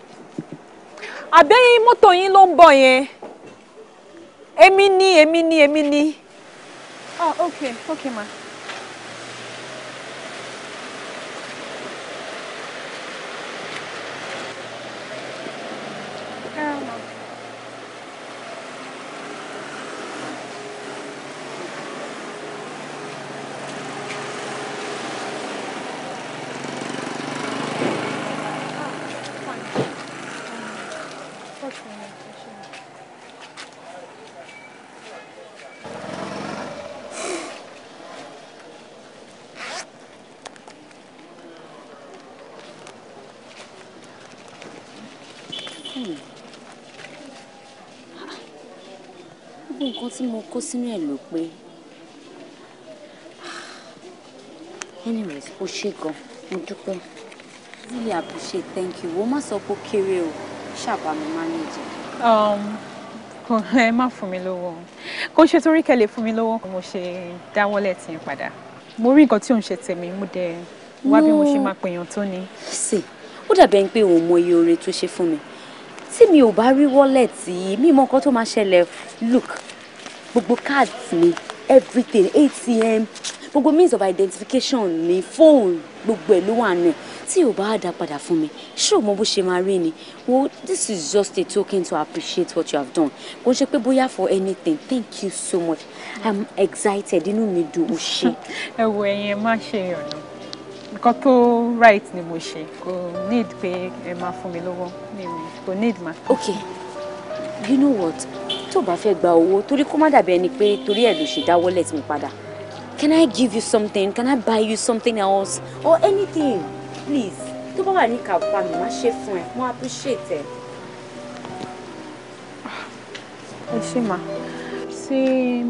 àbẹ́ mọ́tò yín ló ń bọ̀ yẹn èmi ni èmi ni èmi ni ah okay, okay, ma. nǹkan tí mo kó sínú ẹ̀ ló pé anyways ó ṣe gan mo dúpẹ́ really appreciate thank you wo má sọ pé ó kéré o ṣàbá mi manage. Um, ẹ má fún mi lówó kò ṣe torí kẹ́ lè fún mi lówó mo ṣe dáwọ́lẹ̀ tí ń padà mo rí nǹkan tí òun ṣe tèmi mo dẹ̀ wá bí mo ṣe máa pèèyàn tó ni. sì ó dàbẹ̀ ń pé òun mọ iye oore tó ṣe fún mi tí mi ò bá rí wọ́lẹ̀ tí mímọ́ nǹkan tó máa ṣẹlẹ̀ look gbogbo cards mi everything atm gbogbo means of identification mi phone gbogbo ẹ ló wà nù ẹ tí ò bá dá padà fún mi ṣó mo bó ṣe máa rí ni well this is just a token to appreciate what you have done kò ṣe pé bóyá for anything thank you so much i'm excited inú mi dùn ó ṣe. ẹ wo ẹyin ẹ má ṣe ìrànà nǹkan tó right ni mo ṣe kò need pé ẹ máa fún mi lówó kò need ma. okay you know what tó bá fẹ́ gba owó torí kó má dàbí ẹni pé torí ẹ̀ ló ṣe dá wallet mi padà can I give you something can I buy you something else or anything please tó bá wà ní kàpá mi má ṣe fún ẹ mo appreciate ẹ. ẹ ṣe máa tí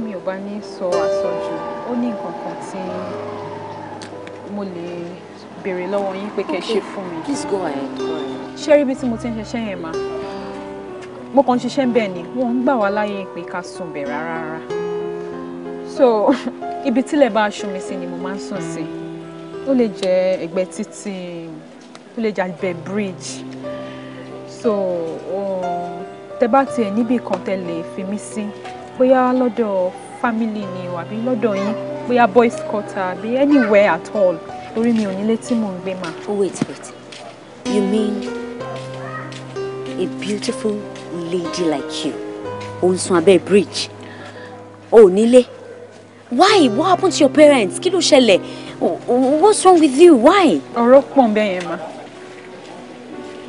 mi ò bá ní sọ àsọjù ó ní nǹkan kan tí mo lè béèrè lọ́wọ́ yín pé kẹ́ ẹ ṣe fún mi. please go ahead. ṣé rí ibi tí mo ti ń ṣiṣẹ́ yẹn máa mo kàn ṣiṣẹ́ ń bẹ́ẹ̀ ni wọ́n ń gbà wá láyé pé ká sùn bẹ̀ rárá rárá so ibi tílẹ̀ bá aṣọ mi sí ni mo máa ń sùn sí ó lè jẹ́ ẹ̀gbẹ́ títì ó lè jẹ́ àgbẹ̀ bridge so tẹ bá tiẹ̀ níbi kan tẹ lè fi mí sí bóyá lọ́dọ̀ family ni o àbí lọ́dọ̀ yín bóyá boys quarter àbí anywhere at all torí mi ò nílé tí mò ń gbé mà. wait wait you mean a beautiful lady like you ò ń sun abẹ́ bridge Oh nílé why what happened to your parents kí ló ṣẹlẹ̀ what's wrong with you why. ọ̀rọ̀ pọ̀ bẹ́ẹ̀ yẹn ma.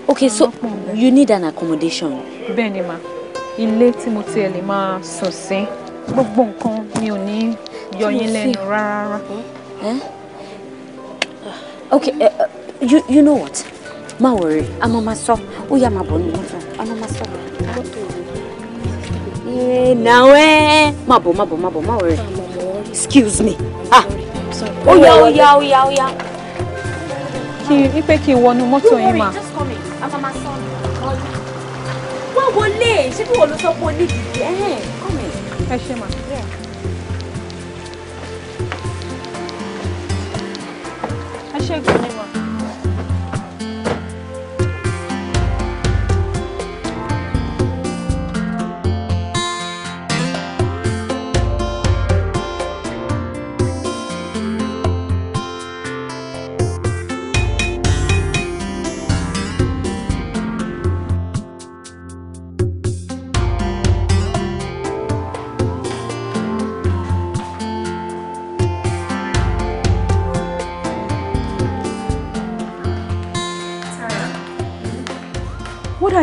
okay so you need an accommodation. bẹ́ẹ̀ ni ma ilé tí mo tiẹ̀ lè máa sùn sí gbogbo nǹkan mi ò ní yọ lẹ́nu rárá. Eh? okay uh, you, you know what Ma worry a máa ma sọ ó yá máa bọ̀ nínú fún Eh, now eh. Má bọ̀, má bọ̀, má worry. Excuse me. Ah. Ó yá, ó yá, ó yá, ó yá. Kí ipe kí wọnú mọ́tò yín Just come in. Afa ma son. Wá wọlé, ṣé bí wo ló sọ pé o ní Eh, come in. Ẹ ṣé mà. Yeah. Ẹ ṣé go ni mà.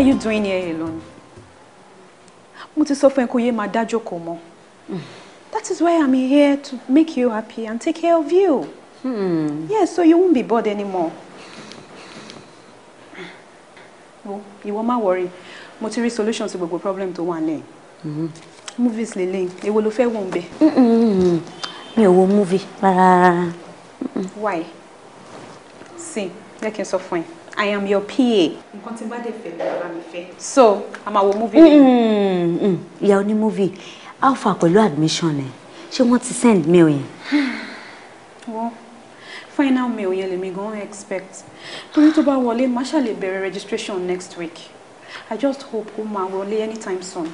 you doing here alone? Mo ti sọ fún ẹ kó yé máa dájọ́ kò mọ́. That is why I'm here to make you happy and take care of you. Hmm. Yes, so you won't be bored anymore. Well, ìwọ má worry. Mo ti rí solution to gbogbo problem tó wà lẹ́yìn. Hmm. Movies lele, èwo lo fẹ́ wò ń bẹ? Hmm. Mi ò wo movie rárá. Why? See, jẹ́ kí n sọ fún ẹ. I am your PA. Nǹkan tí bá dé fẹ́ ni bàbá mi fẹ́. So, a máa wo movie ni. Mm-hmm. Mm-hmm. Ìyá oní movie, alpha admission ẹ̀, ṣé wọ́n ti send mail yẹn? Wọ́n final mail yẹn lèmi gan expect. Torí tó bá Marshall màá ṣàlè registration next week. I just hope ó máa wọlé anytime soon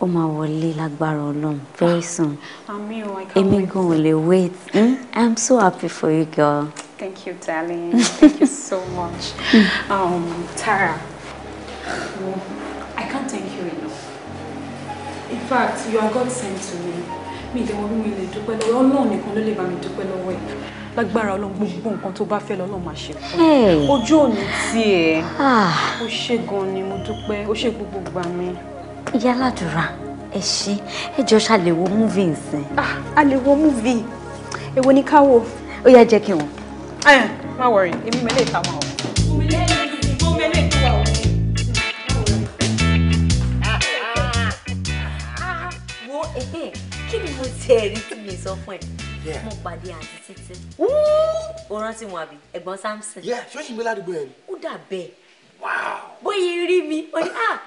ó máa wọlé lágbára ọlọ́run very soon èmi me ò lè wait mm? i'm so happy for you girl. Thank you, darling. Thank you so much. Hmm. Um, Tara, I can't thank you enough. In fact, you are God sent to me. Me, the woman, mi lè dúpẹ́ lọ́wọ́ Ọlọ́run nìkan ló lè bá mi me to ẹ̀. Lágbára Like gbogbo nǹkan boom bá fẹ́ lọ́lọ́run máa ṣe fún ẹ. Hmm. Ojú ò ní tì ẹ́. Ah. Ó ṣe gan-an ni mo dúpẹ́, ó ṣe gbogbo gbà mí. Ìyá Aládùúrà, ẹ ṣe, ẹ jọ ṣàlèwò múvì nsìn. Àlèwò ah, múvì, èwo ni ká wò? Ó yá jẹ́ kí ẹ má wọrí èmi mẹ́lẹ̀ ìta máa wọ. wo eh, eh, kí ni mo ti ẹ̀rí tí mi sọ fún ẹ mo pàdé àti títí o rántí wọn àbí ẹ̀gbọ́n Samson. yẹ ṣọ́ọ̀ṣì mi ládùúgbò yẹn ni. ó dà bẹ́ẹ̀ bóyá rí mi ó ní à ah,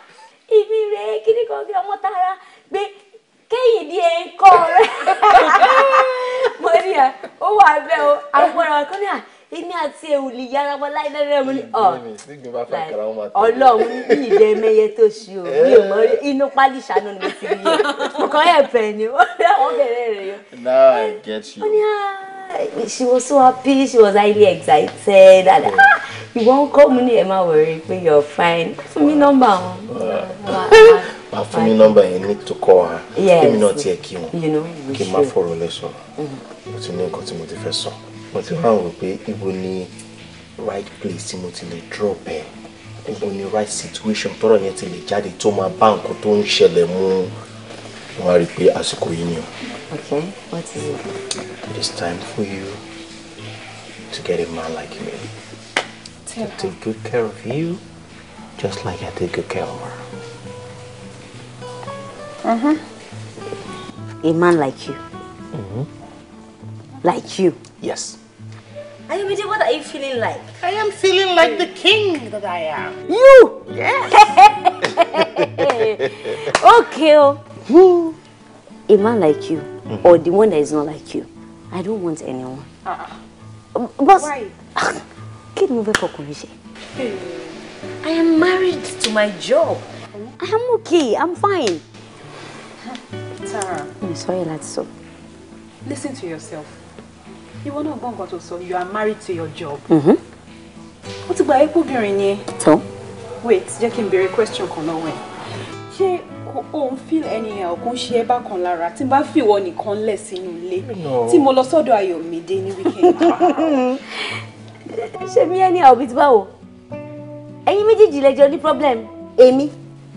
ibi rẹ̀ kíní kan gbé ọmọ tààrà gbé kéyìndé ẹ̀ ń kọ́ rẹ̀ mo ní à ó wà bẹ́ẹ̀ o àwọn ọ̀rọ̀ kan ní à èmi àti ewu lè yára wọn láì lẹ́rẹ́ mu ní ọ̀ ọlọ́run ní ìdẹ mẹ́yẹ tó ṣe o mi ò mọ inú pálí ìṣáná ni mo ti yẹ mo kàn yẹ bẹ̀ ni ó rẹ̀ wọ́n bẹ̀rẹ̀ yọ. now I get you. ó ní she was so happy she was highly excited and ah ìwọ ń kọ́ mu ní ẹ̀ máa wọ̀rẹ́ pé you're fine fún mi nọ́mbà wọn máa fún ní nọ́mbà yẹn ní tó kọ́ wa èmi náà tiẹ̀ kí wọn kí n máa fọ̀rọ̀ lẹ́sọ̀ mm-hmm. mo ti ní nǹkan tí mo ti fẹ́ sọ mo ti wá rò pé ibo ni right place tí mo ti lè drop ẹ̀ ibo ni right situation tọ́rọ̀ yẹn ti lè jáde tó máa bá nǹkan tó ń ṣẹlẹ̀ mú wọn rí i pé àsìkò yìí ni o. Okay, what is it? It is time for you to get a man like me. To take good care of you, just like I take good care of her. -hmm. A man like you. Mm -hmm. Like you. Yes. Ayomide, what are you feeling like? I am feeling like the king that I am. You? Yes. okay. Oh. A man like you, mm -hmm. or the one that is not like you, I don't want anyone. Uh-uh. But, Why? Kid move for I am married to my job. I am okay. I'm fine. Tara. Mi sọ́yẹ̀ láti so. Listen to yourself. Ìwọ náà gbọ́ nǹkan tó sọ. You are married to your job. Mm-hmm. Ó ti gba epo obìnrin ni ẹ. Wait, jẹ́ kí n béèrè question for lọ́wọ́ ẹ̀. she òun feel anyhow kò ń ṣe ẹ bákan lára tí n bá fi ìwọ nìkan lẹ̀ sínú ilé tí mo lọ sọ́dọ̀ She ní weekend? Ṣé mi anyhow bí ti báwo? Ẹ̀yin méjèèjì lẹ jọ ní problem. Amy?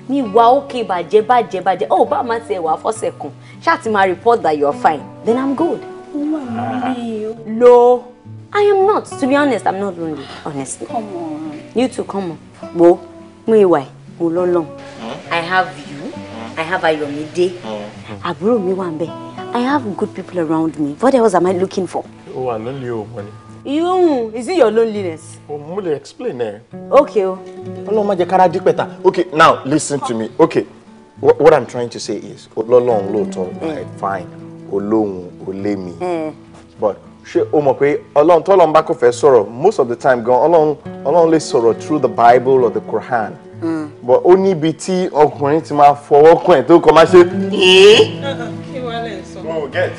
mi wà ókè bàjẹ́ bàjẹ́ bàjẹ́ ó oh, bá máa tiẹ̀ wà fọ́sẹ̀ kan ṣáà ti máa report that you are fine then i'm good. lo i am not to be honest i'm not lonely honestly. come on. you too come on. wo mo ìwà ẹ̀ mo lọ́lọ́n hmm? i have you hmm? i have Ayọ̀mídé hmm? àbúrò mi wà ń bẹ̀ i have good people around me what else am i looking for. ó wà lọ́lẹ̀ o mọ̀ ni. You is it your loneliness? Oh, Mule, explain eh. Okay. Ọlọ́run má jẹ́ kára dípẹ̀ ta. Okay, now listen to me. Okay, what, what I'm trying to say is, oh, long, Ọlọ́run lóòótọ́, mm. fine, Ọlọ́run me. Mm. But she, oh, my mọ̀ pé Ọlọ́run tọ́lọ́run bá kò fẹ́ sorrow. most of the time gan Ọlọ́run Ọlọ́run lè sorrow through the Bible or the Quran. Mm. But only níbi tí ọkùnrin ti máa fọwọ́ kàn ẹ̀ tó kọ́ máa ṣe. Kí wàá lè get.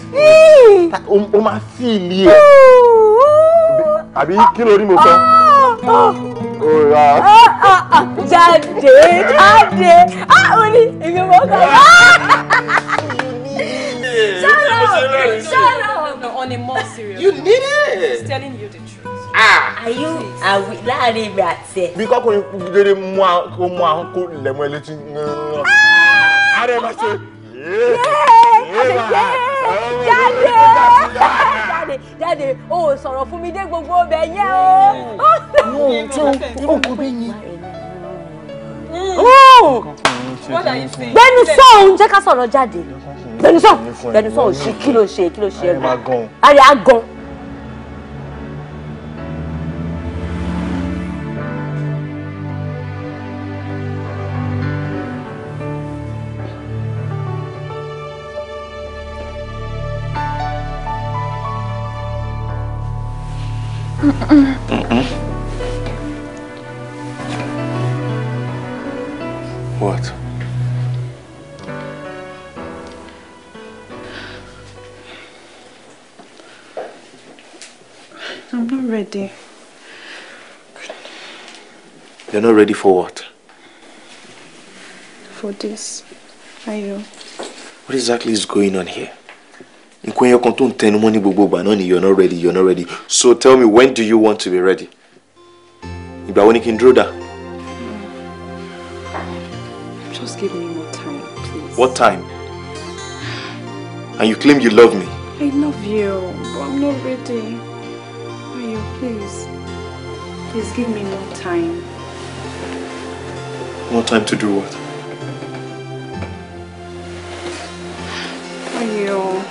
Ó máa feel ẹ̀ àbí kí ló rí mo sọ. Ah, ah, ah, jáde jáde á ò ní èmi mọ kọ. Shut up! Shut up! No, on a more serious. You need it. He's telling you the truth. Ah. Are you awi láàrin mi àti ẹ. Bí kọ́kùnrin gbére mú kó mú àwọn kó lẹ̀mọ́ ẹ létí. Ààrẹ máa ṣe. Yéé! Yéé! Jáde! jáde jáde o ò sọ̀rọ̀ fún mi dé gbogbo ọbẹ̀ yẹn o. wọ́n ò tún òkú bí yín. Mm. gbẹnu sọ̀hún jẹ́ ká sọ̀rọ̀ jáde gbẹnu sọ̀hún gbẹnu sọ̀hún sí kí ló ṣe kí ló ṣe ẹ̀rù ayé á gan. You're not ready for what? For this. Ayo. What exactly is going on here? nǹkan yẹn kan tó ń tẹnu you're not ready you're not ready so tell me when do you want to be ready ìgbà wo ni kí n dúró dà. just give me more time please. what time? and you claim you love me. I love you but I'm not ready. Are you, please please give me more time. More time to do what? Ayo.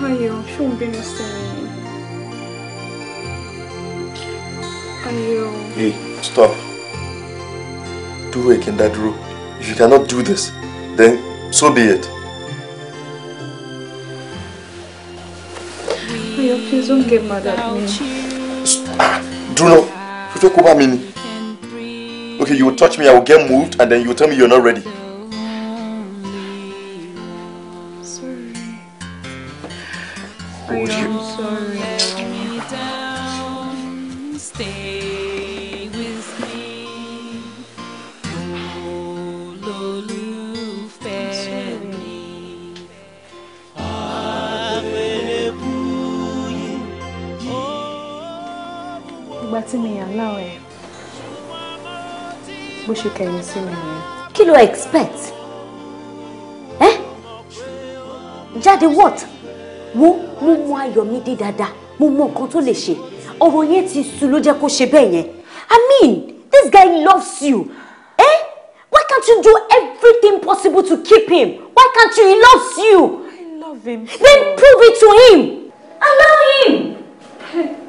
Ayo, shouldn't be mistaken. Ayo. Hey, stop. Do in that room. If you cannot do this, then so be it. Ayo, please don't get mad at me. Do not. kó bá mi ni okay you touch me i will get moved and then you tell me you're not ready. ṣe kẹ̀yìn sí mi nìyẹn. kí ló expect ẹ eh? jáde what wo mo mọ Ayọ̀mídé dáadáa mo mọ nǹkan tó lè ṣe ọ̀rọ̀ yẹn ti sú ló jẹ́ kó ṣe bẹ́ẹ̀ yẹn i mean this guy loves you eh why can't you do everything possible to keep him why can't you he loves you. i love him then prove it to him allow him.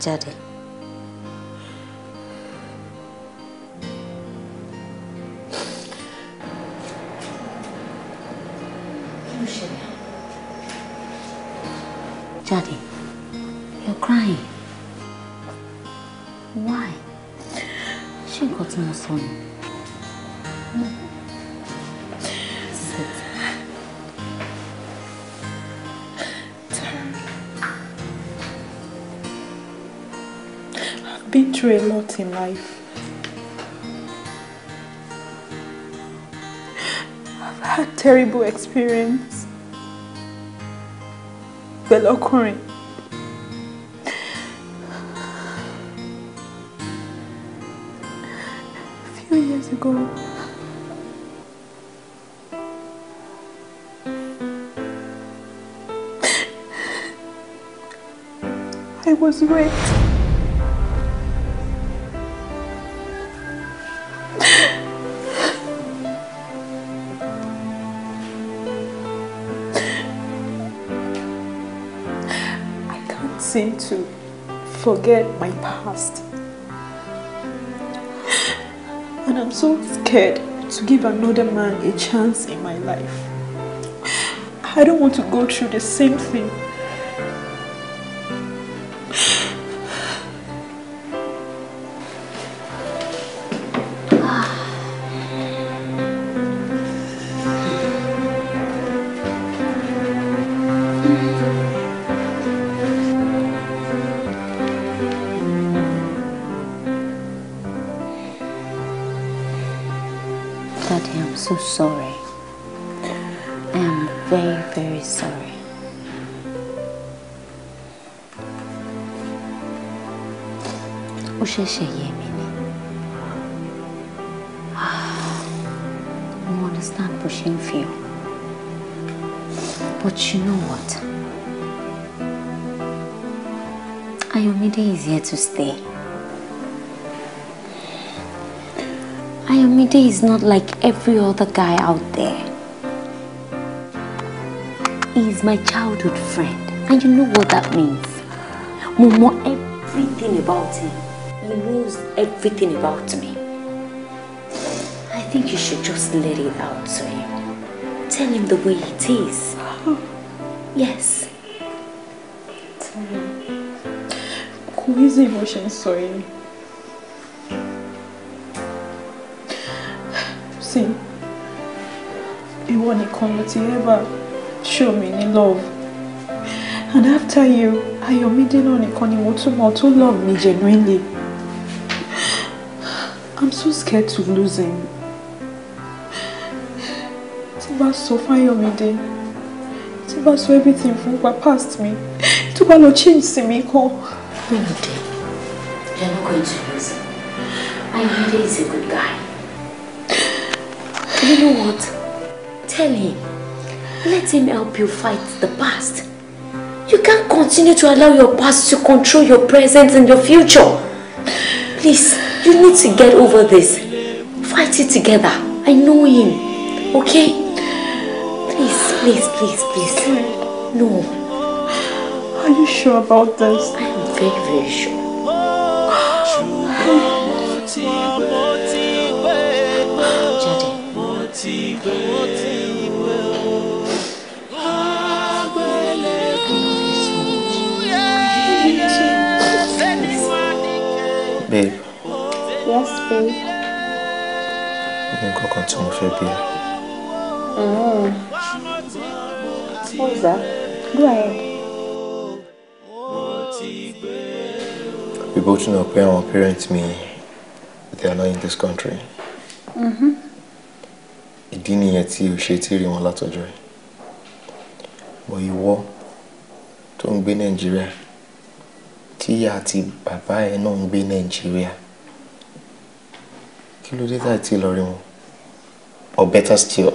자리 Daddy, you're crying. Why? She got no son. in life. I've had terrible experience. Pẹ̀lú ọkùnrin. A few years ago, I was raped. seem to forget my past. And I'm so scared to give another man a chance in my life. I don't want to go through the same thing ṣẹ̀ṣẹ̀ yé mi ni mo ah, understand bó ṣe but you know what Ayomide is here to stay Ayomide is not like every other guy out there he is my childhood friend and you know what that means mo everything about him. He knows everything about me. I think you should just let it out to him. Tell him the way it is. Yes. Kò ní sí bó ṣe ń sọ yìí. Sí, ìwọ nìkan ló ever show me any love. And after you, Ayọ̀mídé náà nìkan ni mo túmọ̀ to love me genuinely. Too scared to lose him. Tí bá sọ Fáyọ̀mídé, tí bá sọ everything fún what passed me. tó bá lọ change sí mi kan. Olùdé, you not going to lose him. Ayọ̀mídé is a good guy. You know what? Tell him. Let him help you fight the past. You can't continue to allow your past to control your present and your future. Please. You need to get over this. Fight it together. I know him. Okay? Please, please, please, please. No. Are you sure about this? I am very, very sure. fẹ́ yí. ní nǹkan tí mo fẹ́ bí ẹ. ọ̀zá go ahead. We both know pé àwọn parents mi they are not in this country. Mm-hmm. ìdí nìyẹn tí o ṣe ti rí wọn látọjọ́ ẹ. bọ̀ ìwọ tó ń gbé Nàìjíríà tí ìyá àti bàbá ẹ náà ń gbé Nàìjíríà kí ló dé tá àti lọ rí wọn or better still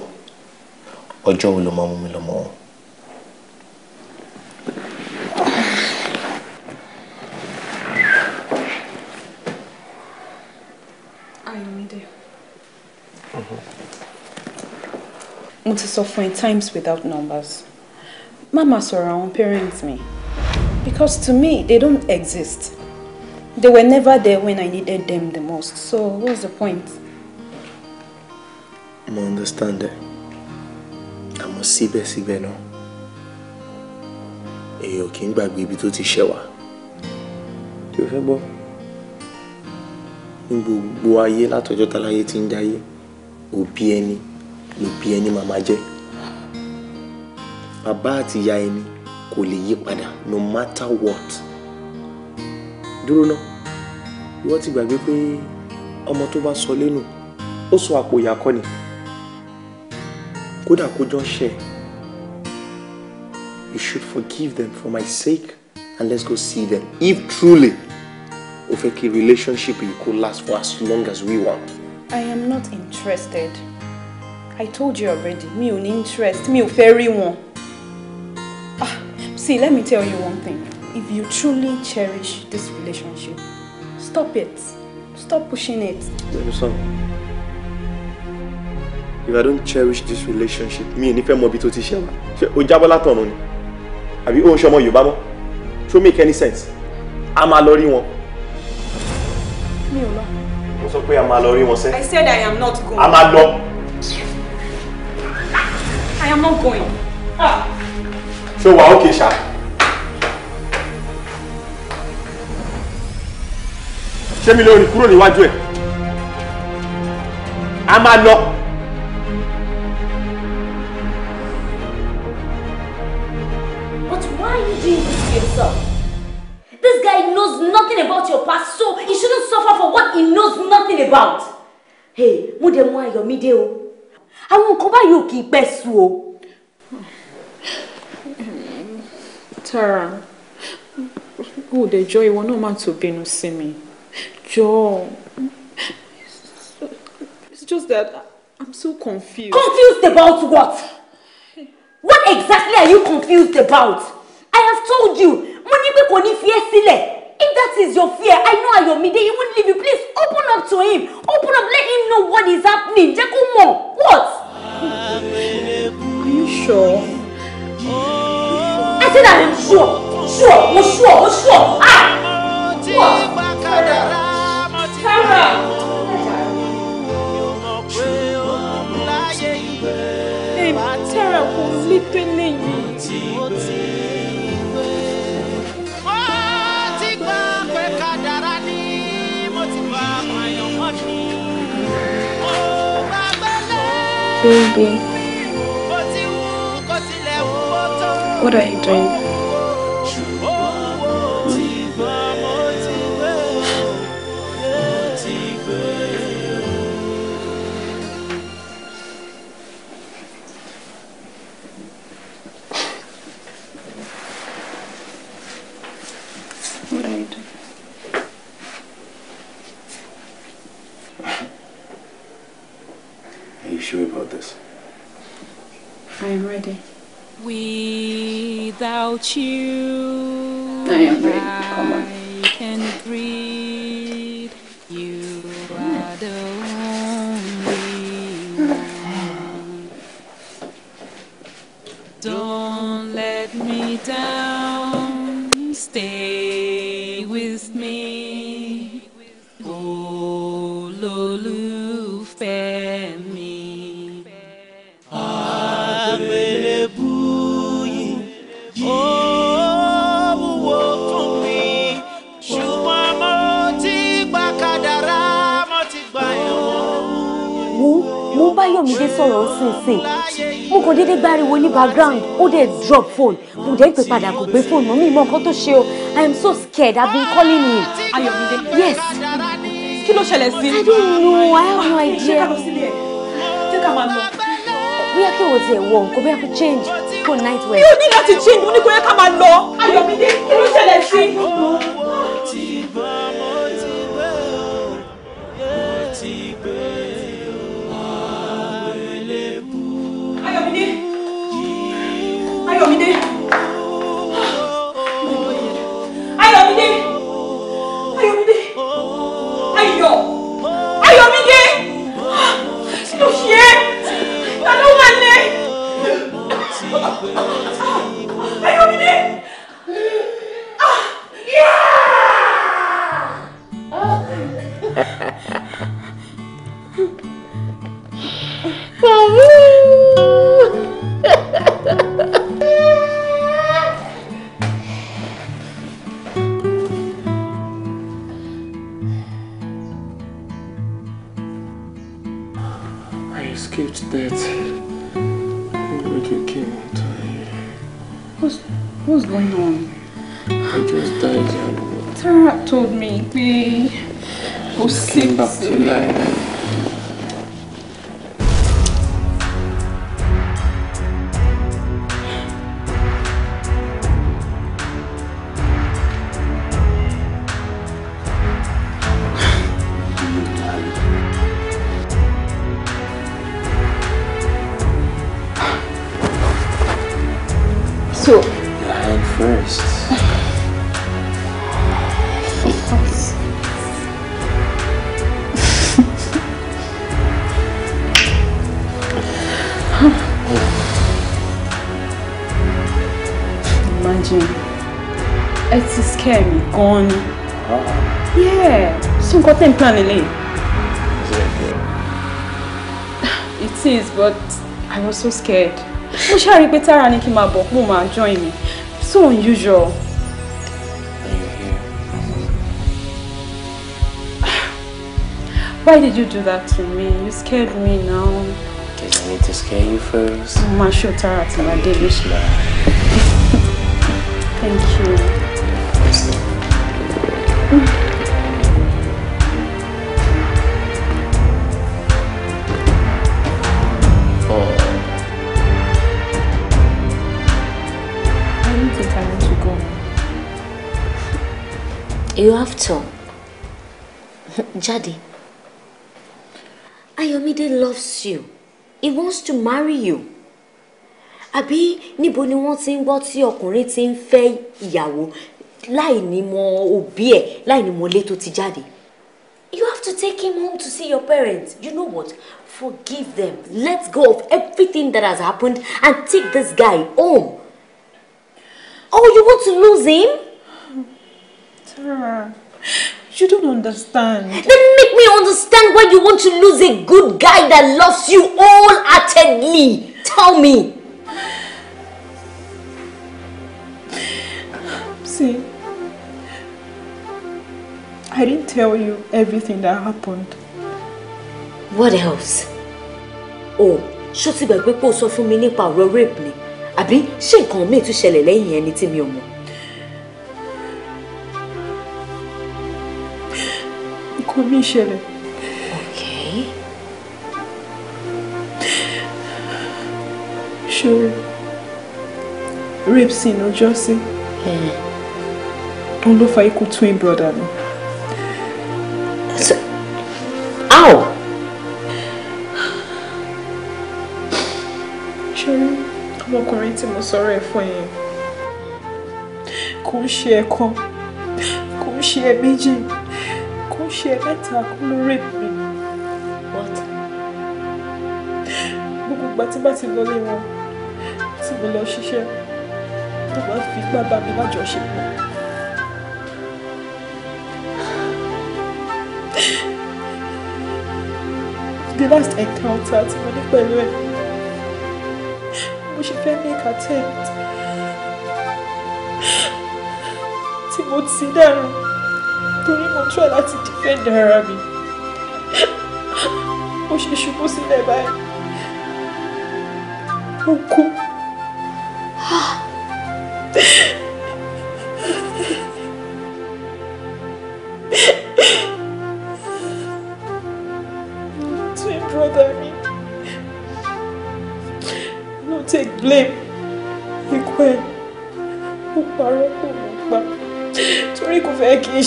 ọjọ́ wo ló máa mú mi lọ́mọ wọn. mo ti sọ fún ẹ times without numbers má máa sọ̀rọ̀ àwọn parents mi because to me they don't exist. They were never there when I needed them the most. So what's the point? I understand ẹ. Àmọ́ síbẹ̀síbẹ̀ náà, èèyàn kì í gbàgbé ibi tó ti ṣẹ̀ wá. Kí o fẹ́ gbọ́? Ní gbogbo ayé látọjọ́ táláyé ti ń dáyé, òbí ẹni lòbí ẹni máa máa jẹ́. Bàbá àti ìyá ẹni kò lè yí no matter what dúró ná ìwọ ti gbàgbé pé ọmọ tó bá sọ lẹ́nu ó sọ àpò ìyàkọ́ ni kódà kó jọ ṣe you should forgive them for my sake and let's go see them if truly o fẹ́ kí relationship yìí kó last for as long as we want. I am not interested. I told you already, Me ò ní interest, mi ò fẹ́ rí wọn. Ah, see, let me tell you one thing if you truly cherish this relationship. Stop it. Stop pushing it. Damisan, if I don't cherish this relationship, me and fẹ́ mọ ibi tó ti ṣe wá. Ṣé o jábọ́ látọ̀run ni? Àbí o make any sense? A máa lọ rí wọn. Mi ò lọ. Mo sọ pé a máa lọ rí wọn I said I am not going. A máa I am not going. Ah. So wa okay, Sha. ṣé mi lórí kúrò níwájú ẹ̀ a máa lọ. But why are you doing this to yourself? This guy knows nothing about your past, so he shouldn't suffer for what he knows nothing about. Hey, mo dẹ̀ mú ayọ̀ mi dé o. Àwọn nǹkan báyìí ò kì í pẹ́ sú o. Tara, ó dẹ̀ jọ ìwọ náà má tó bínú sí mi jọ̀ọ́ it's just that I'm so confused. Confused about what? What exactly are you confused about? I have told you, money be koni fear ní If that is your fear, I know Ayomide, he won't leave you. Please open up to him. Open up, let him know what is happening. Jẹ́ kó What? Are you sure? I said I am sure. Sure, I'm sure, I'm sure. Ah! What? Ruby. What are you doing? I am ready. Without you, I am ready. I can breathe. You are the only one. Don't let me down. Stay. mo bá Yọ̀mídé sọ̀rọ̀ ńsìnsìn mo kàn déédéé gbáriwo ní background ó dẹ̀ drop phone mo dẹ̀ pè padà kò gbé phone mọ́ mi mọ nǹkan tó ṣe o I am so scared I've been calling him. Ayọ̀mídé. yes. kí ló ṣẹlẹ̀ sí. I don't know I have no idea. Ah, ṣé ká lọ sílé ẹ̀ ṣé ká máa lọ. bóyá kí wọ́n ti ẹ̀ wọ bóyá kó change for night wear. mi ò ní láti change mo ní kó yẹ ká máa lọ. Ayọ̀mídé kí ló ṣẹlẹ̀ sí. 现在。tán lélẹ̀. it is but i was so scared. mo ṣáà rí i pé Tara ní kí n máa bọ̀ join me so unusual. Why did you do that to me? You scared me now. Because I need to scare you first. Ma show Tara to my daily smile. Thank you. Thank you. You have to. Jadi, Ayomide loves you. He wants to marry you. Abi, níbo ni wọ́n ti ń gbọ́ tí ọkùnrin ti ń fẹ́ ìyàwó láì ní mọ òbí ẹ̀ láì ní mọ ilé tó ti jáde? You have to take him home to see your parents. You know what? Forgive them. Let's go of everything that has happened and take this guy home. Oh, you want to lose him? Sarah, you don't understand. Then make me understand why you want to lose a good guy that loves you all me. Tell me. See, I didn't tell you everything that happened. What else? Oh, ṣó ti gbàgbé pé o sọ fún mi nípa ọ̀rọ̀ rape ni? Àbí ṣé nǹkan míì tún ṣẹlẹ̀ lẹ́yìn ẹni tí mi ò mọ̀? nǹkan mi ṣẹlẹ̀. Okay. ṣòro rape sin ọjọ́ sí hmm. òun ló fa ikú twin brother mi. How? ṣòro ọmọkùnrin tí mo sọ̀rọ̀ ẹ̀ fún yẹn kò ń ṣe ẹ̀kan kò ń ṣe ẹ̀ ṣe mẹ́ta kó ló rape mi but gbogbo ìgbà tí bá ti lọlé wọn tí mo lọ ṣiṣẹ́ tó bá fi gbá bá mi lájọṣepọ̀. the last encounter tí mo ní pẹ̀lú ẹ̀ mo ṣe fẹ́ make attempt tí mo ti dẹ̀rùn torí mo try láti defend ara mi mo ṣe ṣubú sílẹ̀ báyìí mo kú.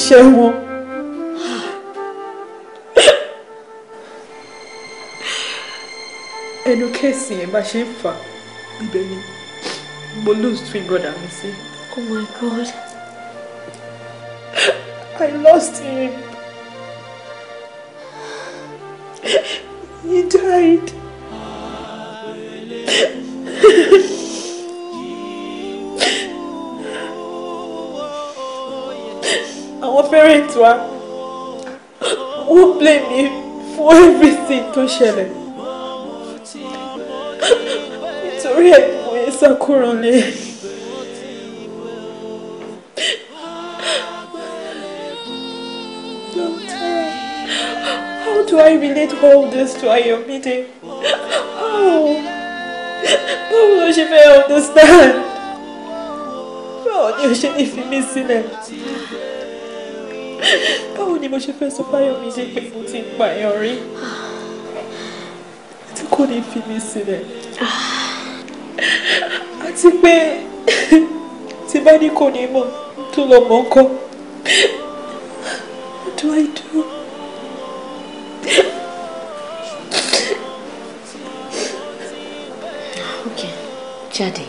iṣẹ́ wọn. ẹnu kẹ́sì yẹn bá ṣe ń fà ibẹ̀ ni mo lose twin brother mi sí. oh my god i lost him he died. wa wọ́n blame me for everything tó ṣẹlẹ̀ nítorí ẹ̀dùn yẹn sákòrò lé. How do I relate all this to meeting? How? Báwo ló ṣe fẹ́ understand? How do you ṣe ní fi mí sílẹ̀? báwo ni mo ṣe fẹ́ sọ fáyọ̀mí ṣe pé mo ti ń pààyàn rí tí kò ní fi mí sílẹ̀ àti pé tí bá ní kò ní mọ̀ tó lọ mọ̀ ńkọ́ do I do? okay jáde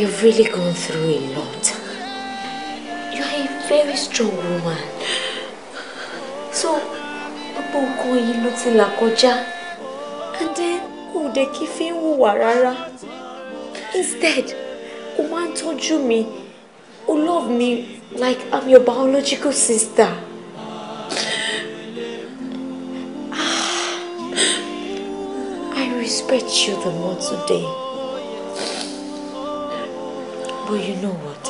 You've really gone through a lot. You're a very strong woman. So, Papa, nǹkan yìí ló ti là And then, kò dé kí fi Instead, o máa ń tọ́jú mi. O love me like I'm your biological sister. Ah, I respect you the more today. But you know what?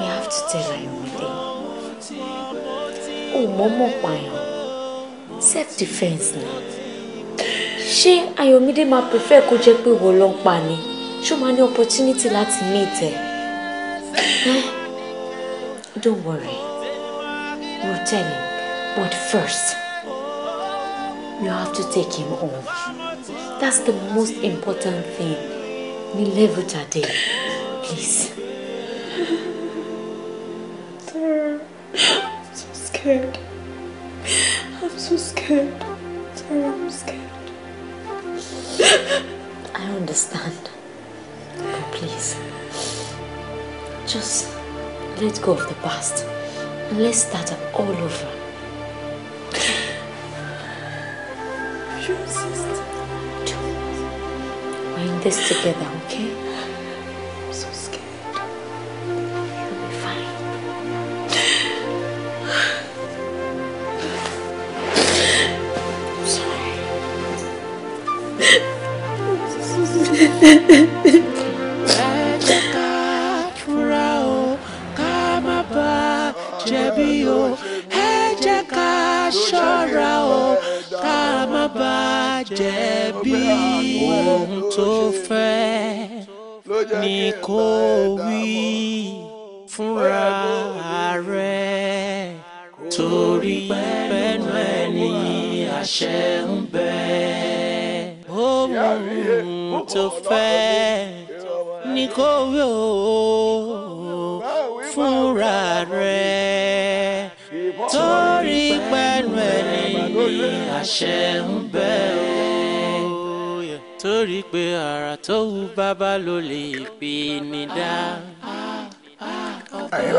We have to tell Ayomide. Ó mọ̀ọ́mọ̀ pààyàn. Self defense ni. She, Ayomide máa prefer kó jẹ́ pé ìwọ ló ń pa ni? Ṣé o máa meet ẹ? Eh? Don't worry. We'll tell him. But first, you have to take him home. That's the most important thing. We live with our day. Please. Tara, I'm so scared. I'm so scared. Tara, I'm scared. I understand. But please. Just let go of the past. And let's start all over. this together, okay?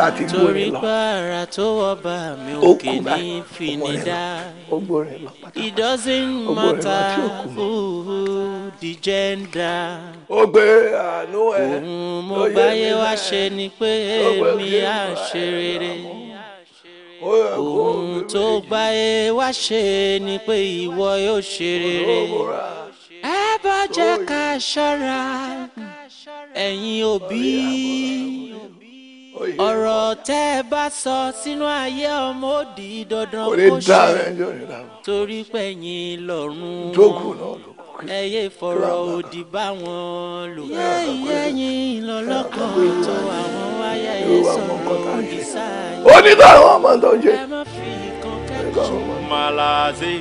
àti gbó rẹ lọ ó kú báyìí ọmọ rẹ lọ ó gbó rẹ lọ pátápátá ó gbó rẹ lọ àti òkú mọ. ó gbé àánú ẹ ó yẹ ó gbé mi náà ṣe ohun tó bá yẹ wá ṣe ni pé ìwọ yóò ṣe rere ẹ bá jẹ́ ká ṣọ́ra ẹ̀yin òbí ọ̀rọ̀ tẹ́ ẹ bá sọ sínú ayé ọmọ òdì dandan kó ṣe torí pẹ̀yìn lọ́rùn ẹyẹ ìfọ̀rọ̀ òdì bá wọn lò. yẹ́yẹ́ yín lọ́lọ́kàn tó àwọn wáyà yẹn sọ̀rọ̀ òdì sáà ó ní ká ọmọ tó ń ṣe. ẹ má fi ìkan kẹ́kọ̀ọ́. màlá sí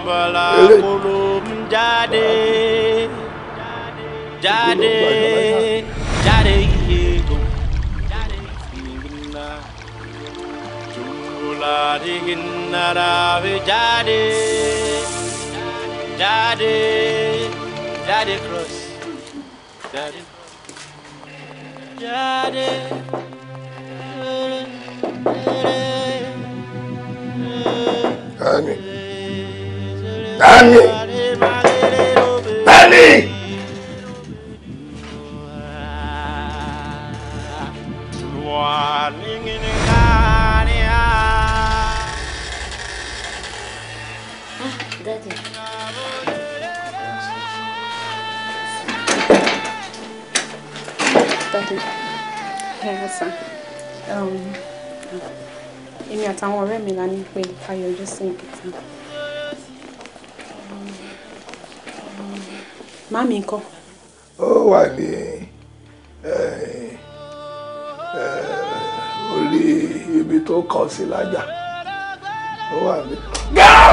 mbala kúrò ń jáde jáde jáde yìí. Lari kìnnàrà fi jadi, jadi, jáde cross jadi, jáde. Dani. Dani. Dani. Daddy. Ẹ sà. Èmi àtàwọn ọ̀rẹ́ mi la ní pé ká yọjú sí ìkìtà. Màmí ńkọ́? Ó wà ní orí ibi tó kàn sí lájà. Ó wà ní. Gáà!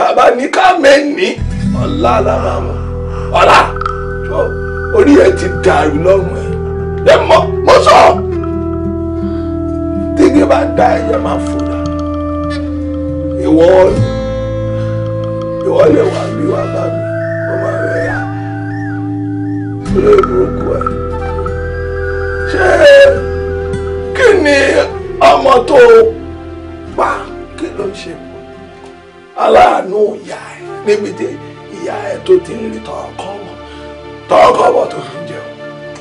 tàbá ní ká mẹ́ni ọ̀la lára wọn ọ̀la tó orí ẹ ti dàrú lọ́rùn ẹ ẹ mọ mọ sọ tígi bá da ẹyẹ máa fòdà ìwọ ìwọ lè wà bí wà bá mi kó máa rẹ yá olóògbé oko ẹ ṣé kí ni ọmọ tó pa kí ló ń ṣe aláàánú ìyá ẹ níbi tí ìyá ẹ tó ti ń rí tọkọ wọ tọkọ wọ tó fi jẹun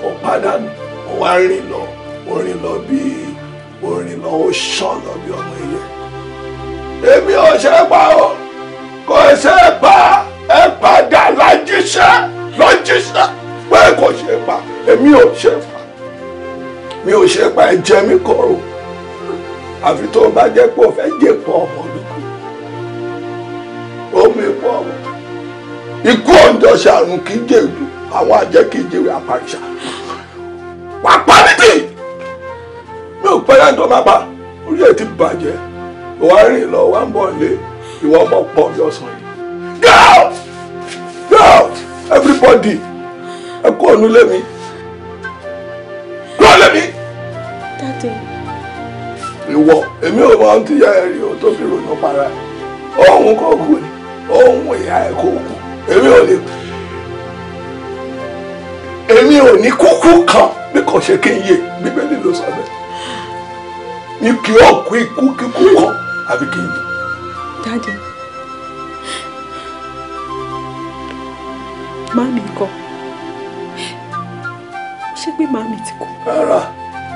ó pàdánù ó wá rìn lọ ó rìn lọ bí ó rìn lọ ó ṣàn lọ bí ọmọ ẹyẹ èmi ò ṣe pa o kò ṣe pa ẹ padà lájíṣẹ́ lọ́jíṣẹ́ pé kò ṣe pa èmi ò ṣe pa mi ò ṣe pa ẹ jẹ mi kọrò àfi tó bá jẹ́ pé ò fẹ́ jẹ pọ̀ ọmọ omi pọ̀ ikú ọ̀dọ́ ṣàrùn kí jèrú àwọn àjẹ́ kí jèrú àpàrìṣà wà á pa nídìí mi ò pẹ́ yẹn tó máa pa orí ẹ̀ ti bàjẹ́ ìwà rìn lọ wá ń bọ̀ lé ìwà ọmọ pọ̀ ọ̀dọ́sàn yìí get out get everybody ẹ kú ọ̀nù lẹ́mi kú ọ̀nù lẹ́mi. dáàdì. ìwọ èmi ò mọ ohun tí yára rí o tó fi ronú para ọ̀hún kọ̀ọ̀kan ni ohun ìyá ẹ̀ kò kù èmi ò lè èmi ò ní kúkú kan bí kò ṣe kí n yè bíbélì ló sọ bẹ́ẹ̀ ni kì í ọ̀kú ikú kíkú kan àbí kí n yè. dáàdi màmí kọ ṣé pé màmí ti kú. rárá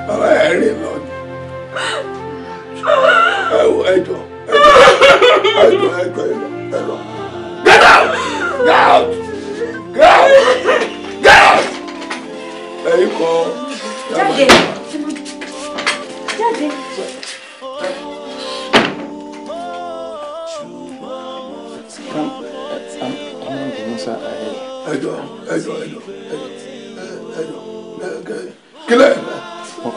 rárá ẹ rìn lọ ni ẹ wo ẹjọ ẹjọ ẹjọ ẹjọ ẹ lọ. Get out! Get out! Get out! Get out! There you go. Ẹyin kan. Jáde! Jáde! Ẹjọ ẹjọ ẹjọ ẹjọ ẹjọ kílẹ̀. Ó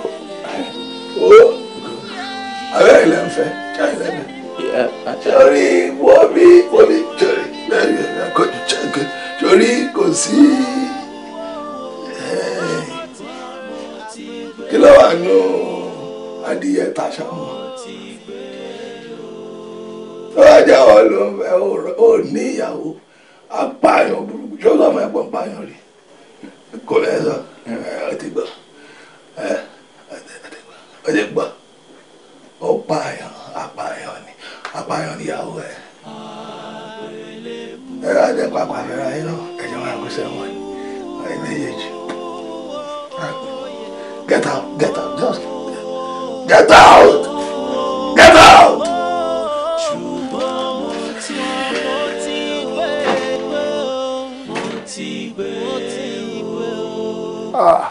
abẹ́ ilẹ̀ ń fẹ́ kí ẹ̀ lẹ́nu sọrí wọ́ọ̀mí wọ́ọ̀mí jọrí lẹ́yìn àkọ́jú jágé torí kò sí kí ló wà nù adìyẹ tàṣà wọn tó bá jẹ́ wọn ló ń fẹ́ ò ní ìyàwó apààyàn burúkú ṣọ́gbà ọmọ ẹ̀pọ̀ ń pààyàn rí kò lẹ́sọ̀ ẹ ti gbọ́ ẹ ti gbọ́ ó pààyàn pààyàn níyàwó ẹ̀ ẹ̀rọ adé pàpà fẹ́ra yín náà ẹ̀jẹ̀ wọn àgbẹ̀sẹ̀ wọn ẹ̀ méjèèjì get out get out just get out get out. Ah.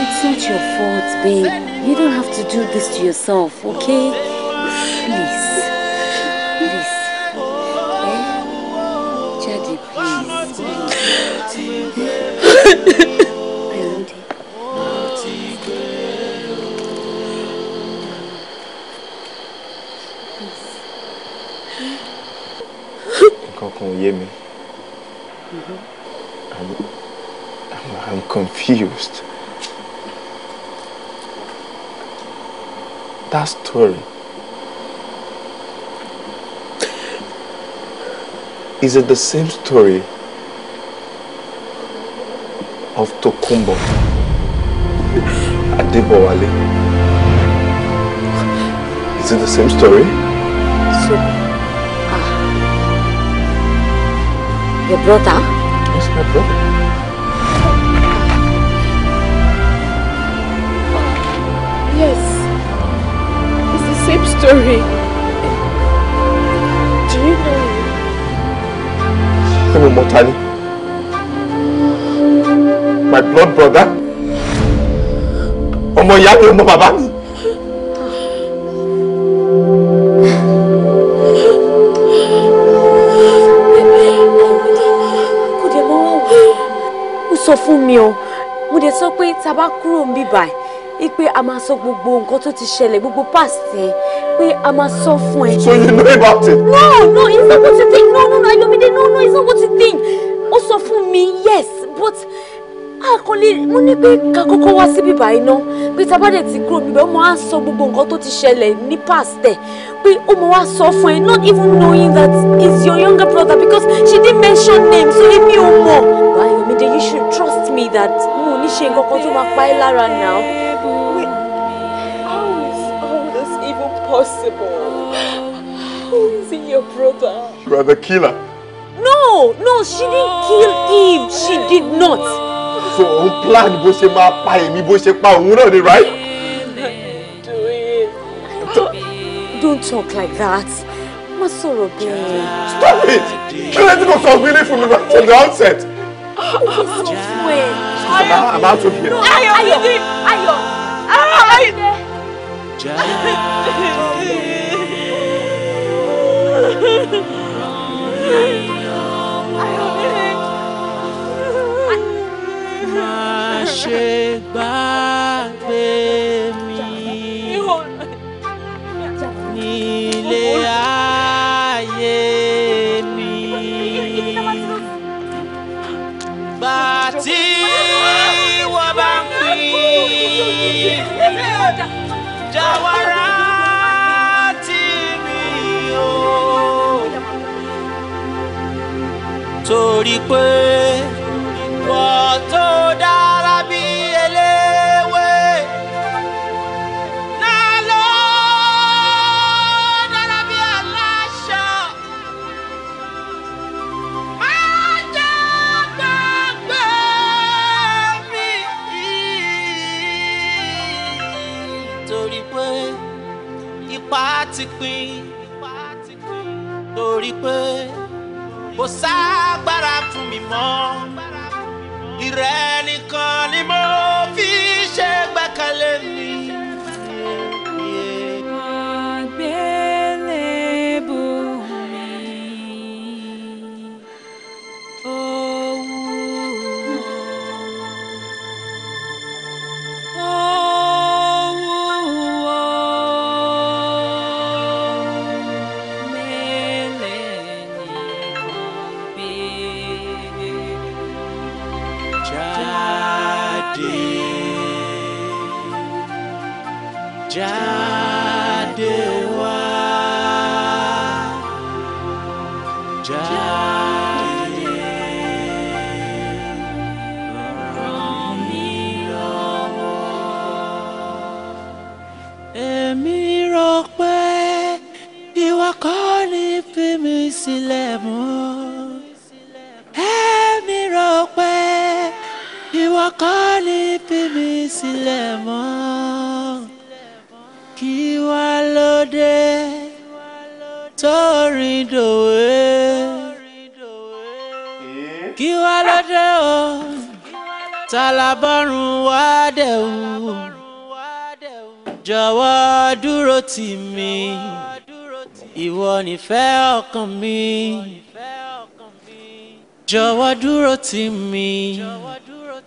It's not your fault, babe. You don't have to do this to yourself, okay? Please. Please. Eh? Daddy, please. please. Kankan ò I'm confused. that story is it the same story of Tokumbo Adebowale? Is it the same story? So, uh, your brother? Yes, my brother. story. Do you know him? Femi Motani. My blood brother. Omo ìyá mi, ọmọ bàbá mi. sọ fún mi o mo dẹ̀ sọ pé tá a bá kúrò ń bíbà yìí pé a máa sọ gbogbo nǹkan tó ti ṣẹlẹ̀ gbogbo past yẹn pé a máa sọ fún ẹ. so you know about it. no no it's not what you think no no no Ayọ̀mídé no no it's not what you think ó sọ fún mi yes but àkànlè mo ní pé ká kọ́kọ́ wá síbí báyìí ná pé tábàdẹ̀ ti kúrò bíbẹ̀ ó máa sọ gbogbo nǹkan tó ti ṣẹlẹ̀ ní past ẹ̀ pé ó máa wá sọ fún ẹ not even knowing that it's your younger brother because she didn't mention name so èmi ò mọ̀. Ayọ̀mídé you should trust me that mo ò ní ṣe nǹkan kan tó máa pa ẹ́ lára now. possible? Who is your brother? You are the killer. No, no, she didn't kill Eve. She did not. So, òun plan bó ṣe máa pa èmi bó ṣe pa òun náà ni, right? Do it. Don't talk like that. Masoro sọ̀rọ̀ Stop it! You let me kò sọ wílé fún from the outset? I'm out of here. Ayo, ayo, ayo, ayo. má ṣe gbàgbé mi nílé ayé mi gbà tí wọ́n bá ń torí pé wọ́n tó dára bí eléwé náà ló dára bí aláṣọ máa jẹ́ gbàgbé mi torí pé ipa ti pín torí pé kò sáà mímọ́ ìrẹ́ nìkan ni mo. talabọ́run wá dẹ̀ wù jọ̀wọ́ dúró tì mí ìwọ nìfẹ́ ọkàn mi jọ̀wọ́ dúró tì mí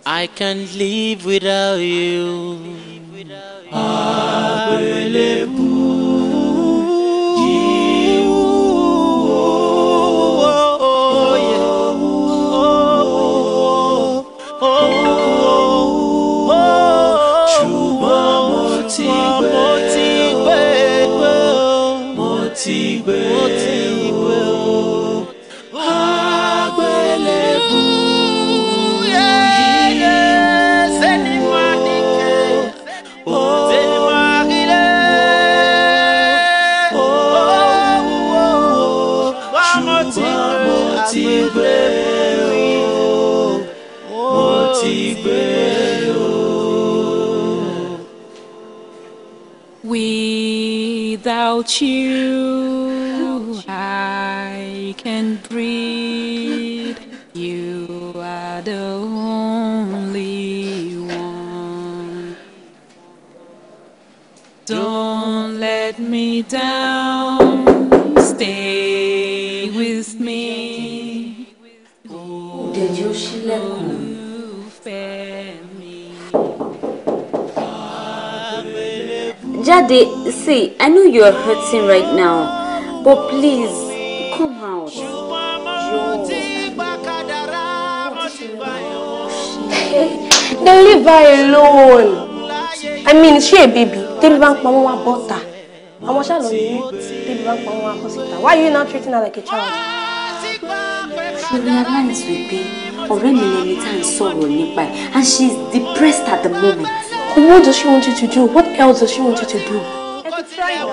I can't live without you. Àgbélébù. Without you, I can breathe. You are the only one. Don't let me down. Stay with me. Oh, jáde See, I know you are hurting right now, but please come out. Yo. leave her alone. I mean, she a baby. Tell bank mama wa butter. I'm much alone you? Tell bank mama wa hospital. Why are you now treating her like a child? She realized with me, ọ̀rẹ́ mi lẹni tá à ń sọ̀rọ̀ nípa ẹ̀ and she's depressed at the moment. What does she want you to do? What else does she want you to do? to try now.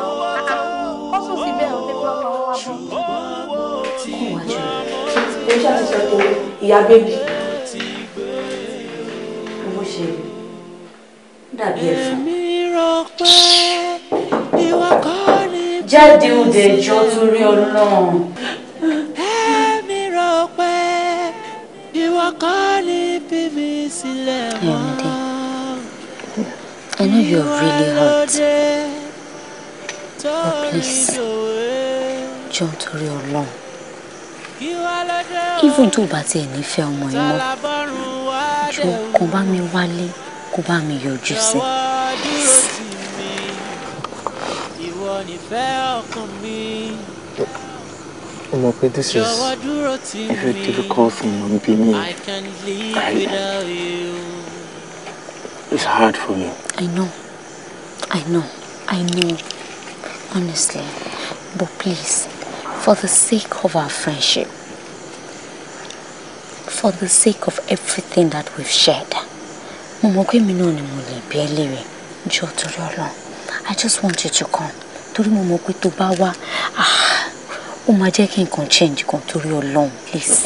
Ó sùn síbẹ̀ ó tẹ́gbẹ́ ọkọ̀ wọn wá bọ̀. Kò wá jù. Ẹ ṣáà ti sọ pé ìyá bébì. Owó ṣe dàbí ẹ̀fọn. Jáde òde ìjọ torí Ọlọ́run. Ẹ̀mí rò pé ìwọ kọ́ ni bí mi sílẹ̀ mọ́. I know you're really hurt. But please, John torí Ọlọ́run. Even tó bá tiẹ̀ nífẹ̀ẹ́ ọmọ yìí mọ́, jọ kò bá mi wálé kò bá mi yọjú sí. Mo mọ̀ pé this is a very difficult thing on being I, it's hard for me. I know, I know, I know. Honestly. But please, for the sake of our friendship, for the sake of everything that we've shared, mo mọ̀ pé ni mo lè bi ẹ́ I just want you to come. Torí mo mọ̀ pé tó bá wá, ah, ó máa jẹ́ kí nǹkan change kan torí Ọlọ́run, please.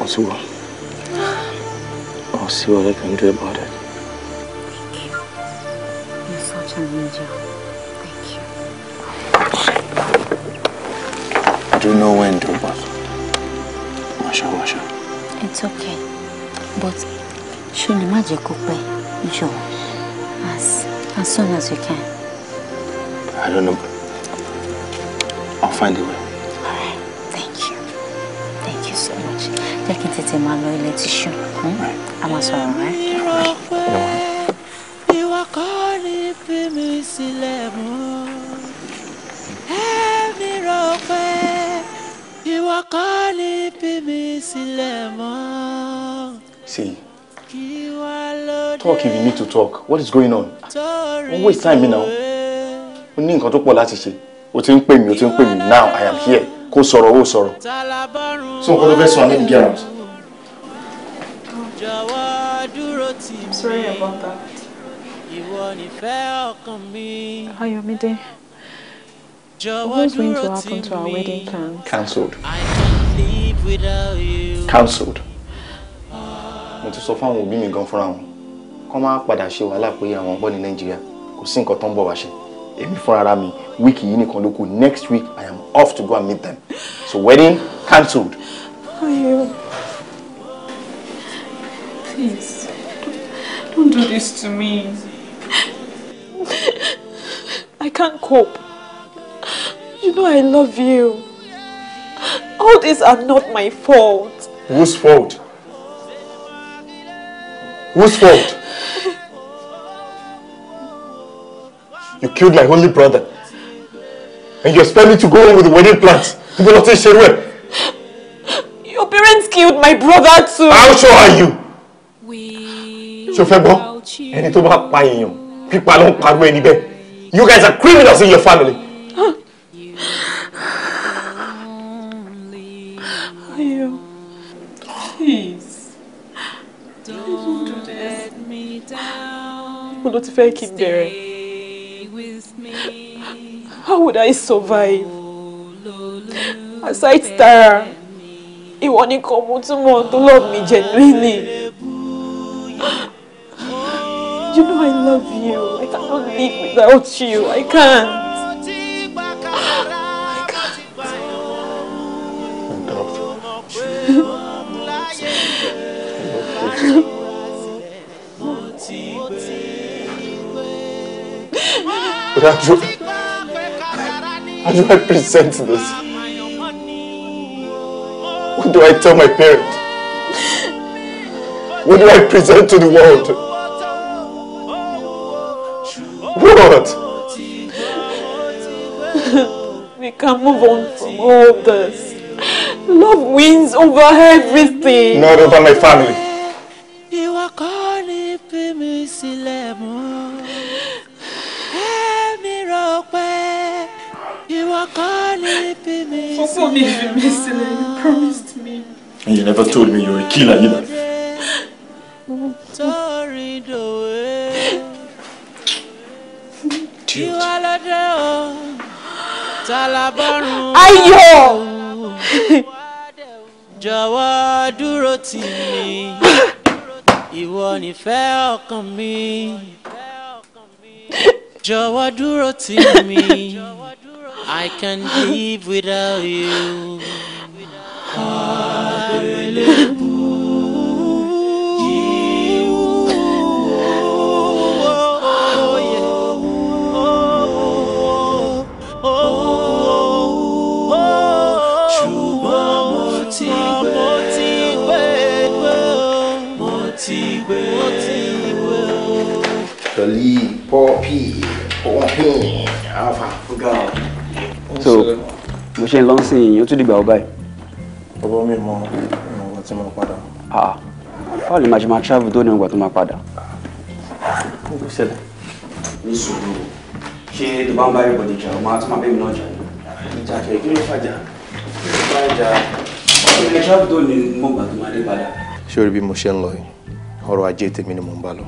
Ó ti I'll see what I can do about it. Thank you. You're such an angel. Thank you. I don't know when to, but Masha, Masha. It's okay. But she will not be sure. As, as soon as you can. I don't know. I'll find a way. All right. Thank you. Thank you so much jẹ́ kí n tètè máa lọ ilé tíṣù hmm? a máa sọ̀rọ̀ rẹ. Eh? ìwọ kọ́ ni fi mi sílẹ̀ mọ́ ẹ̀mí rò pé ìwọ kọ́ ni fi mi sílẹ̀ mọ́. See, talk if you need to talk. What is going on? Don't waste time now. Mo ní nǹkan tó pọ̀ láti ṣe. O ti ń pè mí, o ti ń pè mí. Now I am here kó sọ̀rọ̀ ó sọ̀rọ̀ so nǹkan tó fẹ́ sọ àníbi gẹ́ràn. Sorry about that. Ayọ̀mídé, what was going to happen to our wedding plans? Cancelled. Cancelled. Mo ti sọ fáwọn òbí mi gan fúnra wọn. Kọ́ máa padà ṣe wàhálà pé àwọn ń bọ̀ ní Nàìjíríà. Kò sí nǹkan tó ń bọ̀ wá ṣe èmi fúnra mi wíìkì yìí nìkan ló kù next week i am off to go and meet them so wedding cancelled. Ayo, please don't don't do this to me i can't cope you know i love you all these are not my fault. whose fault? whose fault? You killed my only brother. And you expect me to go on with the wedding plans. You will not say Your parents killed my brother too. How sure are you? Ṣé o fẹ́ gbọ́? Ẹni tó bá pa èèyàn, pípa ló ń parú ẹni bẹ́ẹ̀. You guys are criminals in your family. Ayọ̀, please. Mo ló ti fẹ́ kí How would I survive? Aside Tara, ìwọ ni come mo to mọ̀ tó love me genuinely. You know I love you. I cannot live without you. I can't. I can't. I love you. Without you. How do I present this? What do I tell my parents? What do I present to the world? What? We can move on from all this. Love wins over everything. Not over my family. Ìwà kọ́ you promised me. you never told me you were a killer either. Ayọ̀! Jọ̀wọ́ dúró tì mí, ìwọ nìfẹ́ ọkàn mi. Jọ̀wọ́ dúró tì I can live without you. The P, Paul P, Alpha, for so mo ṣe ń lọ sí yìnyín ó tún dìgbà ó báyìí. bọ́bọ́ mi mọ ìwọ̀n tí mo padà. báwo ni màá ṣe máa travel tó ní ìgbà tó máa padà. ó ṣẹlẹ̀. ní sùúrù ṣé tó bá ń bá ìbọ̀dì jà ó máa tún máa bẹ́ẹ̀ mi náà jà ní. ìjà kẹ̀ kí ló fàjà kí ló fàjà ilé travel tó ní mo tó máa dé padà. ṣé orí bí mo ṣe ń lọ ọrọ̀ ajé tèmi ni mo ń bá lọ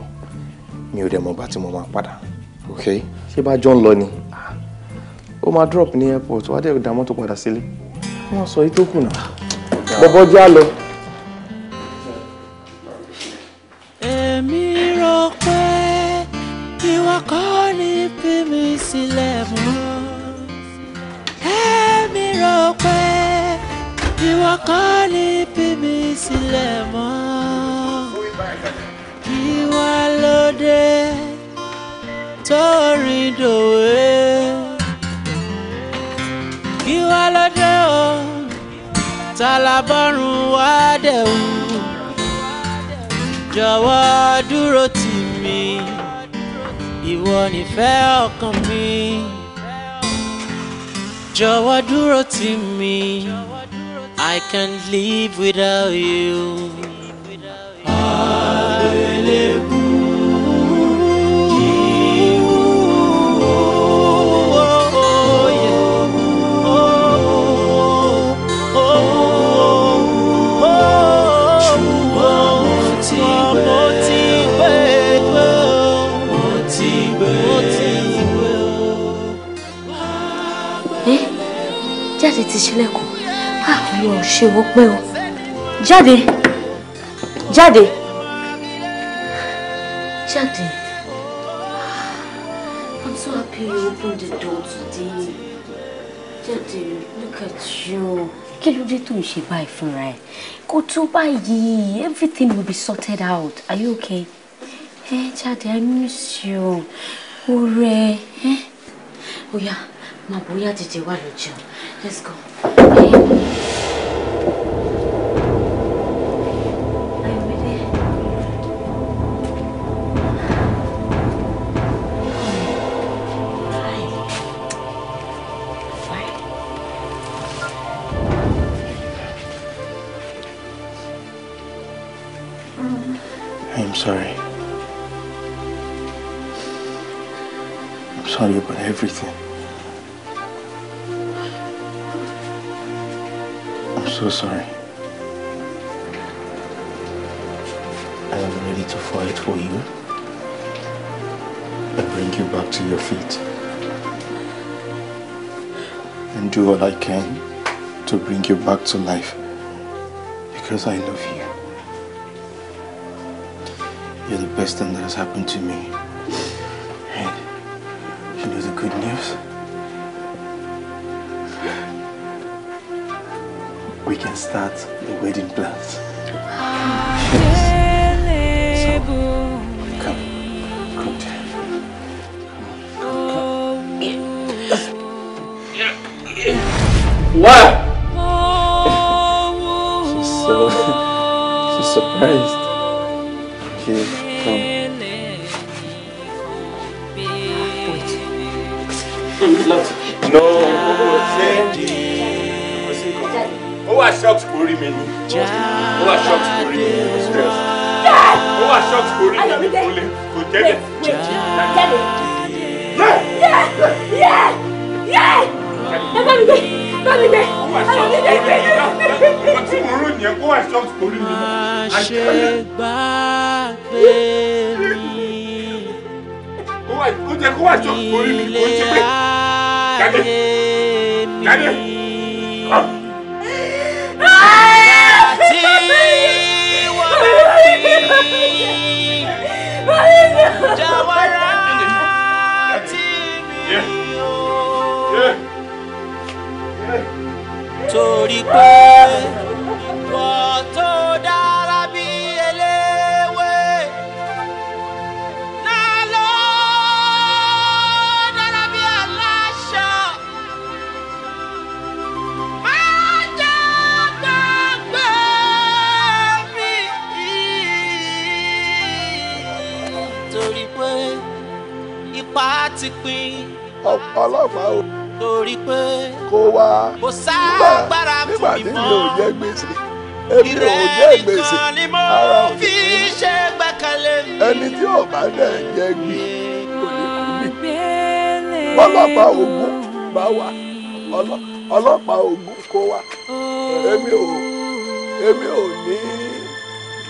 mi ò dẹ̀ mọ̀ bá tí mo máa padà ok ṣé bá jọ ń lọ ni ó máa drop ní airport wá dẹ̀ dá mọ́tò padà sílé wọ́n sọ yìí tó kù náà bọ́bọ́ já lọ. èmi rò pé ìwọ kọ́ ni bí mi sílẹ̀ mọ́ èmi rò pé ìwọ kọ́ ni bí mi sílẹ̀ mọ́ ìwà lóde tó rìn dòwe bí wá lọ́dẹ o ta la bọ́rùn wá dẹ̀ o jọ̀wọ́ dúró tì mí ìwọ nìfẹ́ ọkàn mi jọ̀wọ́ dúró tì mí I can't live without you. Hallelujah. jáde ti ṣílẹ̀kùn àwọn ah, ò ṣe wọ́n pẹ́ o jáde jáde jáde ah, I'm so happy you opened the door today jáde look at you. kí ló dé tó ń ṣe báyìí fúnra ẹ kó tó báyìí everything will be sorted out are you okay? ẹ jáde I miss you ọ̀rẹ́ ẹ ó yá màá bóyá tètè wà lọ jẹun. Let's go. I'm sorry. I'm sorry about everything. so sorry. I am ready to fight for you and bring you back to your feet. And do all I can to bring you back to life because I love you. You're the best thing that has happened to me. start the wedding plans. Yes. So, come. Come, dear. Come. Come. What? she's so... she's surprised. mi ni ó wà short orí mi ní stress ó wà short orí mi ní kúlẹ̀ kò jẹ́lẹ̀. bá mi gbé bá mi gbé bá mi gbé gbé. mo ti mú rún yẹn kó wà short orí mi. àṣegbàgbé mi. ó jẹ́ kó wà short orí mi kò ń ṣe pé Jawara, tí mi ò torí pé. ti pín. ọ̀pọ̀lọpọ̀ o. torí pé kò wá kò ságbára fún mi mọ́. nígbà tí mi ò jẹ́ gbèsè èmi ò jẹ́ gbèsè ara ò fi ṣe gbẹ́kẹ̀lé mi. ẹni tí ọba náà jẹ́ gbé kò ní kú mi. ọlọ́pàá ogun bá wà ọlọ́pàá ogun kó wà èmi ò èmi ò ní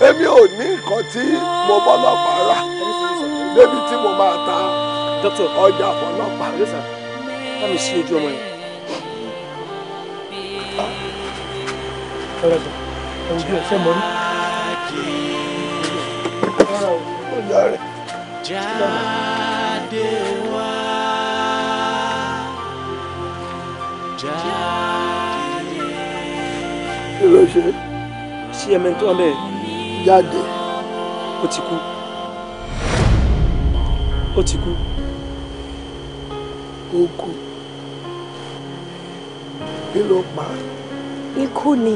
èmi ò ní nǹkan tí mo bọ́ lọ́pàá rà débi tí mo máa ta doctor ọjà ọlọ́pàá ló sà bá mi sí ojú ọmọ yẹn. ọ̀rọ̀ sọ ẹ ojú ẹ̀ sẹ́ mọ́ rí. ọjà rẹ̀ jáde wá ṣe. sí ẹmẹ tó ọmọ ẹ. jáde. ó ti kú ó ti kú oògùn kí ló pa ikú ni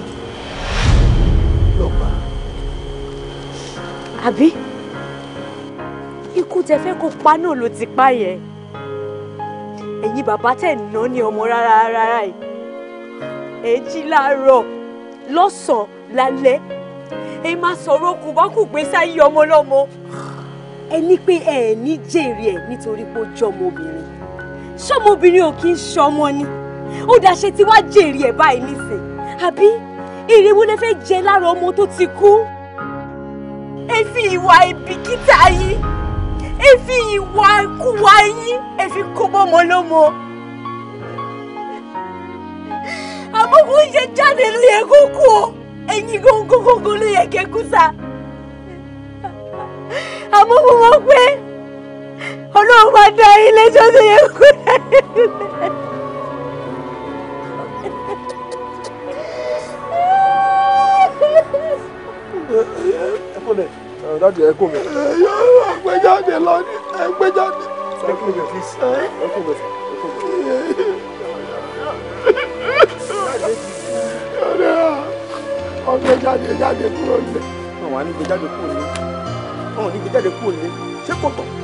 ló pa àbí ikú tẹ fẹ́ kó pa náà ló ti pa yẹn ẹ̀yin bàbá tẹ̀ ná ní ọmọ rárá rárá yìí èjì láàárọ̀ lọ́sàn-án lálẹ́ ẹ máa sọ̀rọ̀ kù bá kù pé sáyé ọmọ lọ́mọ ẹ ní pé ẹ ní jèrè ẹ nítorí pé ó jọmọ obìnrin ṣọmọbìnrin ò kí ń ṣọmọ ni ó dá ṣe tí wàá jèrè ẹ̀ báyìí nísìn àbí èrè wo lẹ fẹ́ jẹ lára ọmọ tó ti kú efi ìwà ìbìkítà yìí efi ìwà ìkúwà yín efi kó bọ́mọ lọ́mọ àmọ́ kò ń ṣe jáde ló yẹ kó kú o ẹ̀yin góńgóńgó ló yẹ kẹ́kù sa àmọ́ mo mọ̀ pé ọlọ́run máa dá yín lẹ́jọ́ tó yẹ kó dá yín lẹ́jọ́. ẹ kò mẹ. yóò lọ ní ẹ ẹ kò mẹ please ẹ kò mẹ. ọgbẹ jáde jáde kúrò nílé. àwọn ànígbé jáde kúrò nílé. àwọn ànígbé jáde kúrò nílé. ṣé kò tọ̀.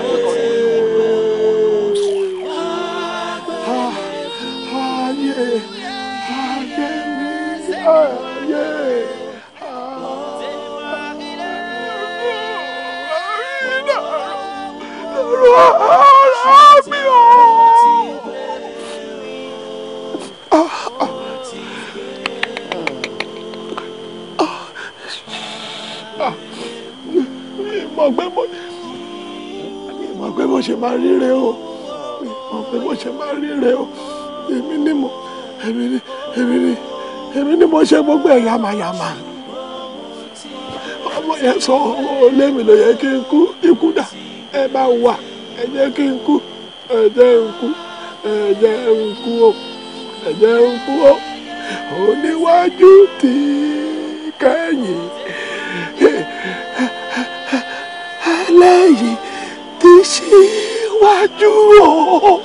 akẹ́kọ̀ọ́ tó lówó lówó lówó lówó tó wà. ayé ayé mi ayé. Help me! Oh! mọ̀ pé mo ní mọ̀ pé bó ṣe máa rí rẹ o mọ̀ pé bó ṣe máa rí rẹ o èmi ni mo èmi ni èmi ni èmi ni mo ṣe gbogbo ẹ̀ yàmàyàmà ọmọ yẹn sọ ọmọ lẹ́mi ló yẹ kí n kú ikú dà ẹ bá wà ẹ jẹ́ kí n kú ẹ jẹ́ n kú ẹ jẹ́ n kú o ẹ jẹ́ n kú o oníwájú tí kẹ́yìn lẹ́yìn síwájú o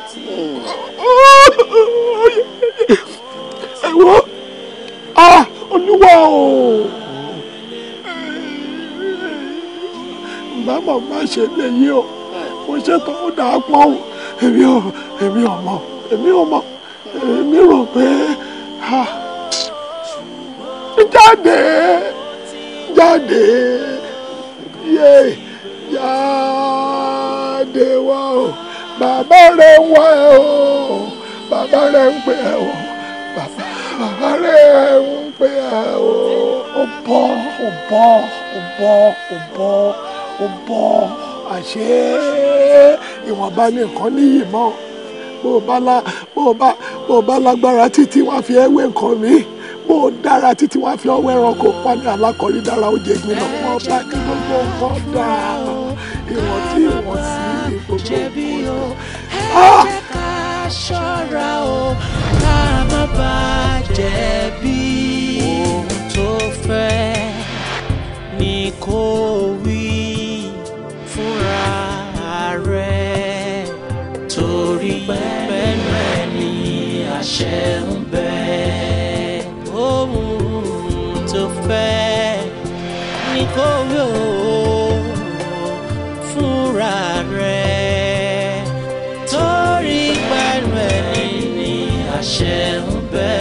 ẹ̀wọ́ olúwa o bàbá má ṣe lẹ́yìn o mo ṣètò ó dàá pọ̀ o èmi ò èmi ò mọ̀ èmi ò mọ̀ èmi rò pé jáde jáde yé jáde dé wá o bàbá rẹ ń wá ẹ o bàbá rẹ ń pè ẹ o bàbá rẹ ń pè ẹ o ó bọ́ ó bọ́ ó bọ́ ó bọ́ ó bọ́ àṣé ìwọ̀nba ni nǹkan níyì mọ́ bó o bá lá bó o bá bó o bá lágbára títí wàá fi ẹwé nǹkan mi bó o dára títí wàá fi ọwọ́ ẹranko pàdé alákọ̀ọ́rí dára ó jẹ ìgbìmọ̀ wọn bá ní gbogbo nǹkan dáa ìwọ̀n tí ìwọ̀n sí jẹ̀bi o ẹ ah! jẹ́ ká ṣọ́ra o ká má bà jẹ̀bi ohun tó fẹ́ ni kò wí fúnra rẹ̀ torí pẹ́ẹ́nu ẹ̀ àṣẹ ń bẹ ohun tó fẹ́ ni kò wí o fúnra rẹ̀. àṣẹ ń bẹ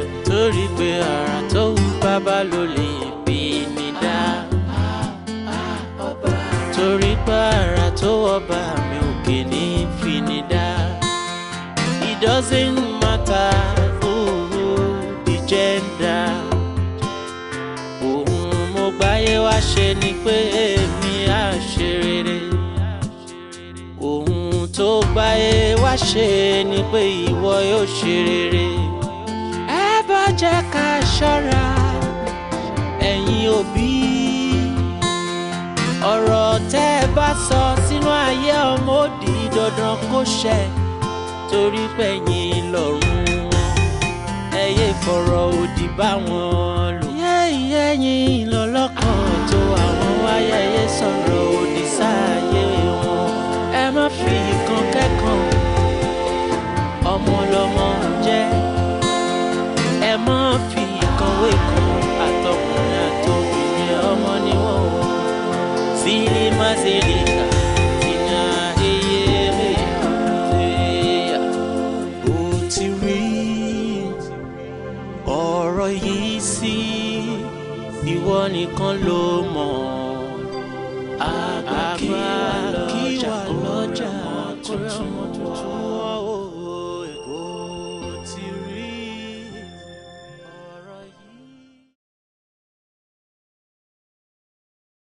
o torí pé ara tó wù bàbá ló lè bí ni dá torí pé ara tó wọ bá mi òkè ní fi ni dá it doesn't matter ooh, the gender ohun mo gbáyé wá ṣe ni pé. Hey, tó gbáyé wá ṣe ni pé ìwọ yóò ṣe rere. ẹ bá jẹ́ ká ṣọ́ra ẹ̀yin òbí ọ̀rọ̀ tẹ́ ẹ bá sọ sínú ayé ọmọ òdì dandan kó ṣẹ torí pẹ̀yìn lọ́rùn ẹ yé òdì bá wọn lò. yé ìyẹ́yìn lọ́lọ́kàn tó àwọn wáyẹyẹ sọ̀rọ̀ òdì sáàyè má fi kan kẹ́kọ̀ọ́ ọmọ lọmọ jẹ́ ẹ má fi kan wé kan àtọkùnrin ọmọ ni wọ́n wò sílé má ṣe lè kà iná eye mẹ́ẹ̀ẹ́yà ó ti rí ọ̀rọ̀ yìí sí ìwọ nìkan ló mọ̀ ọ́.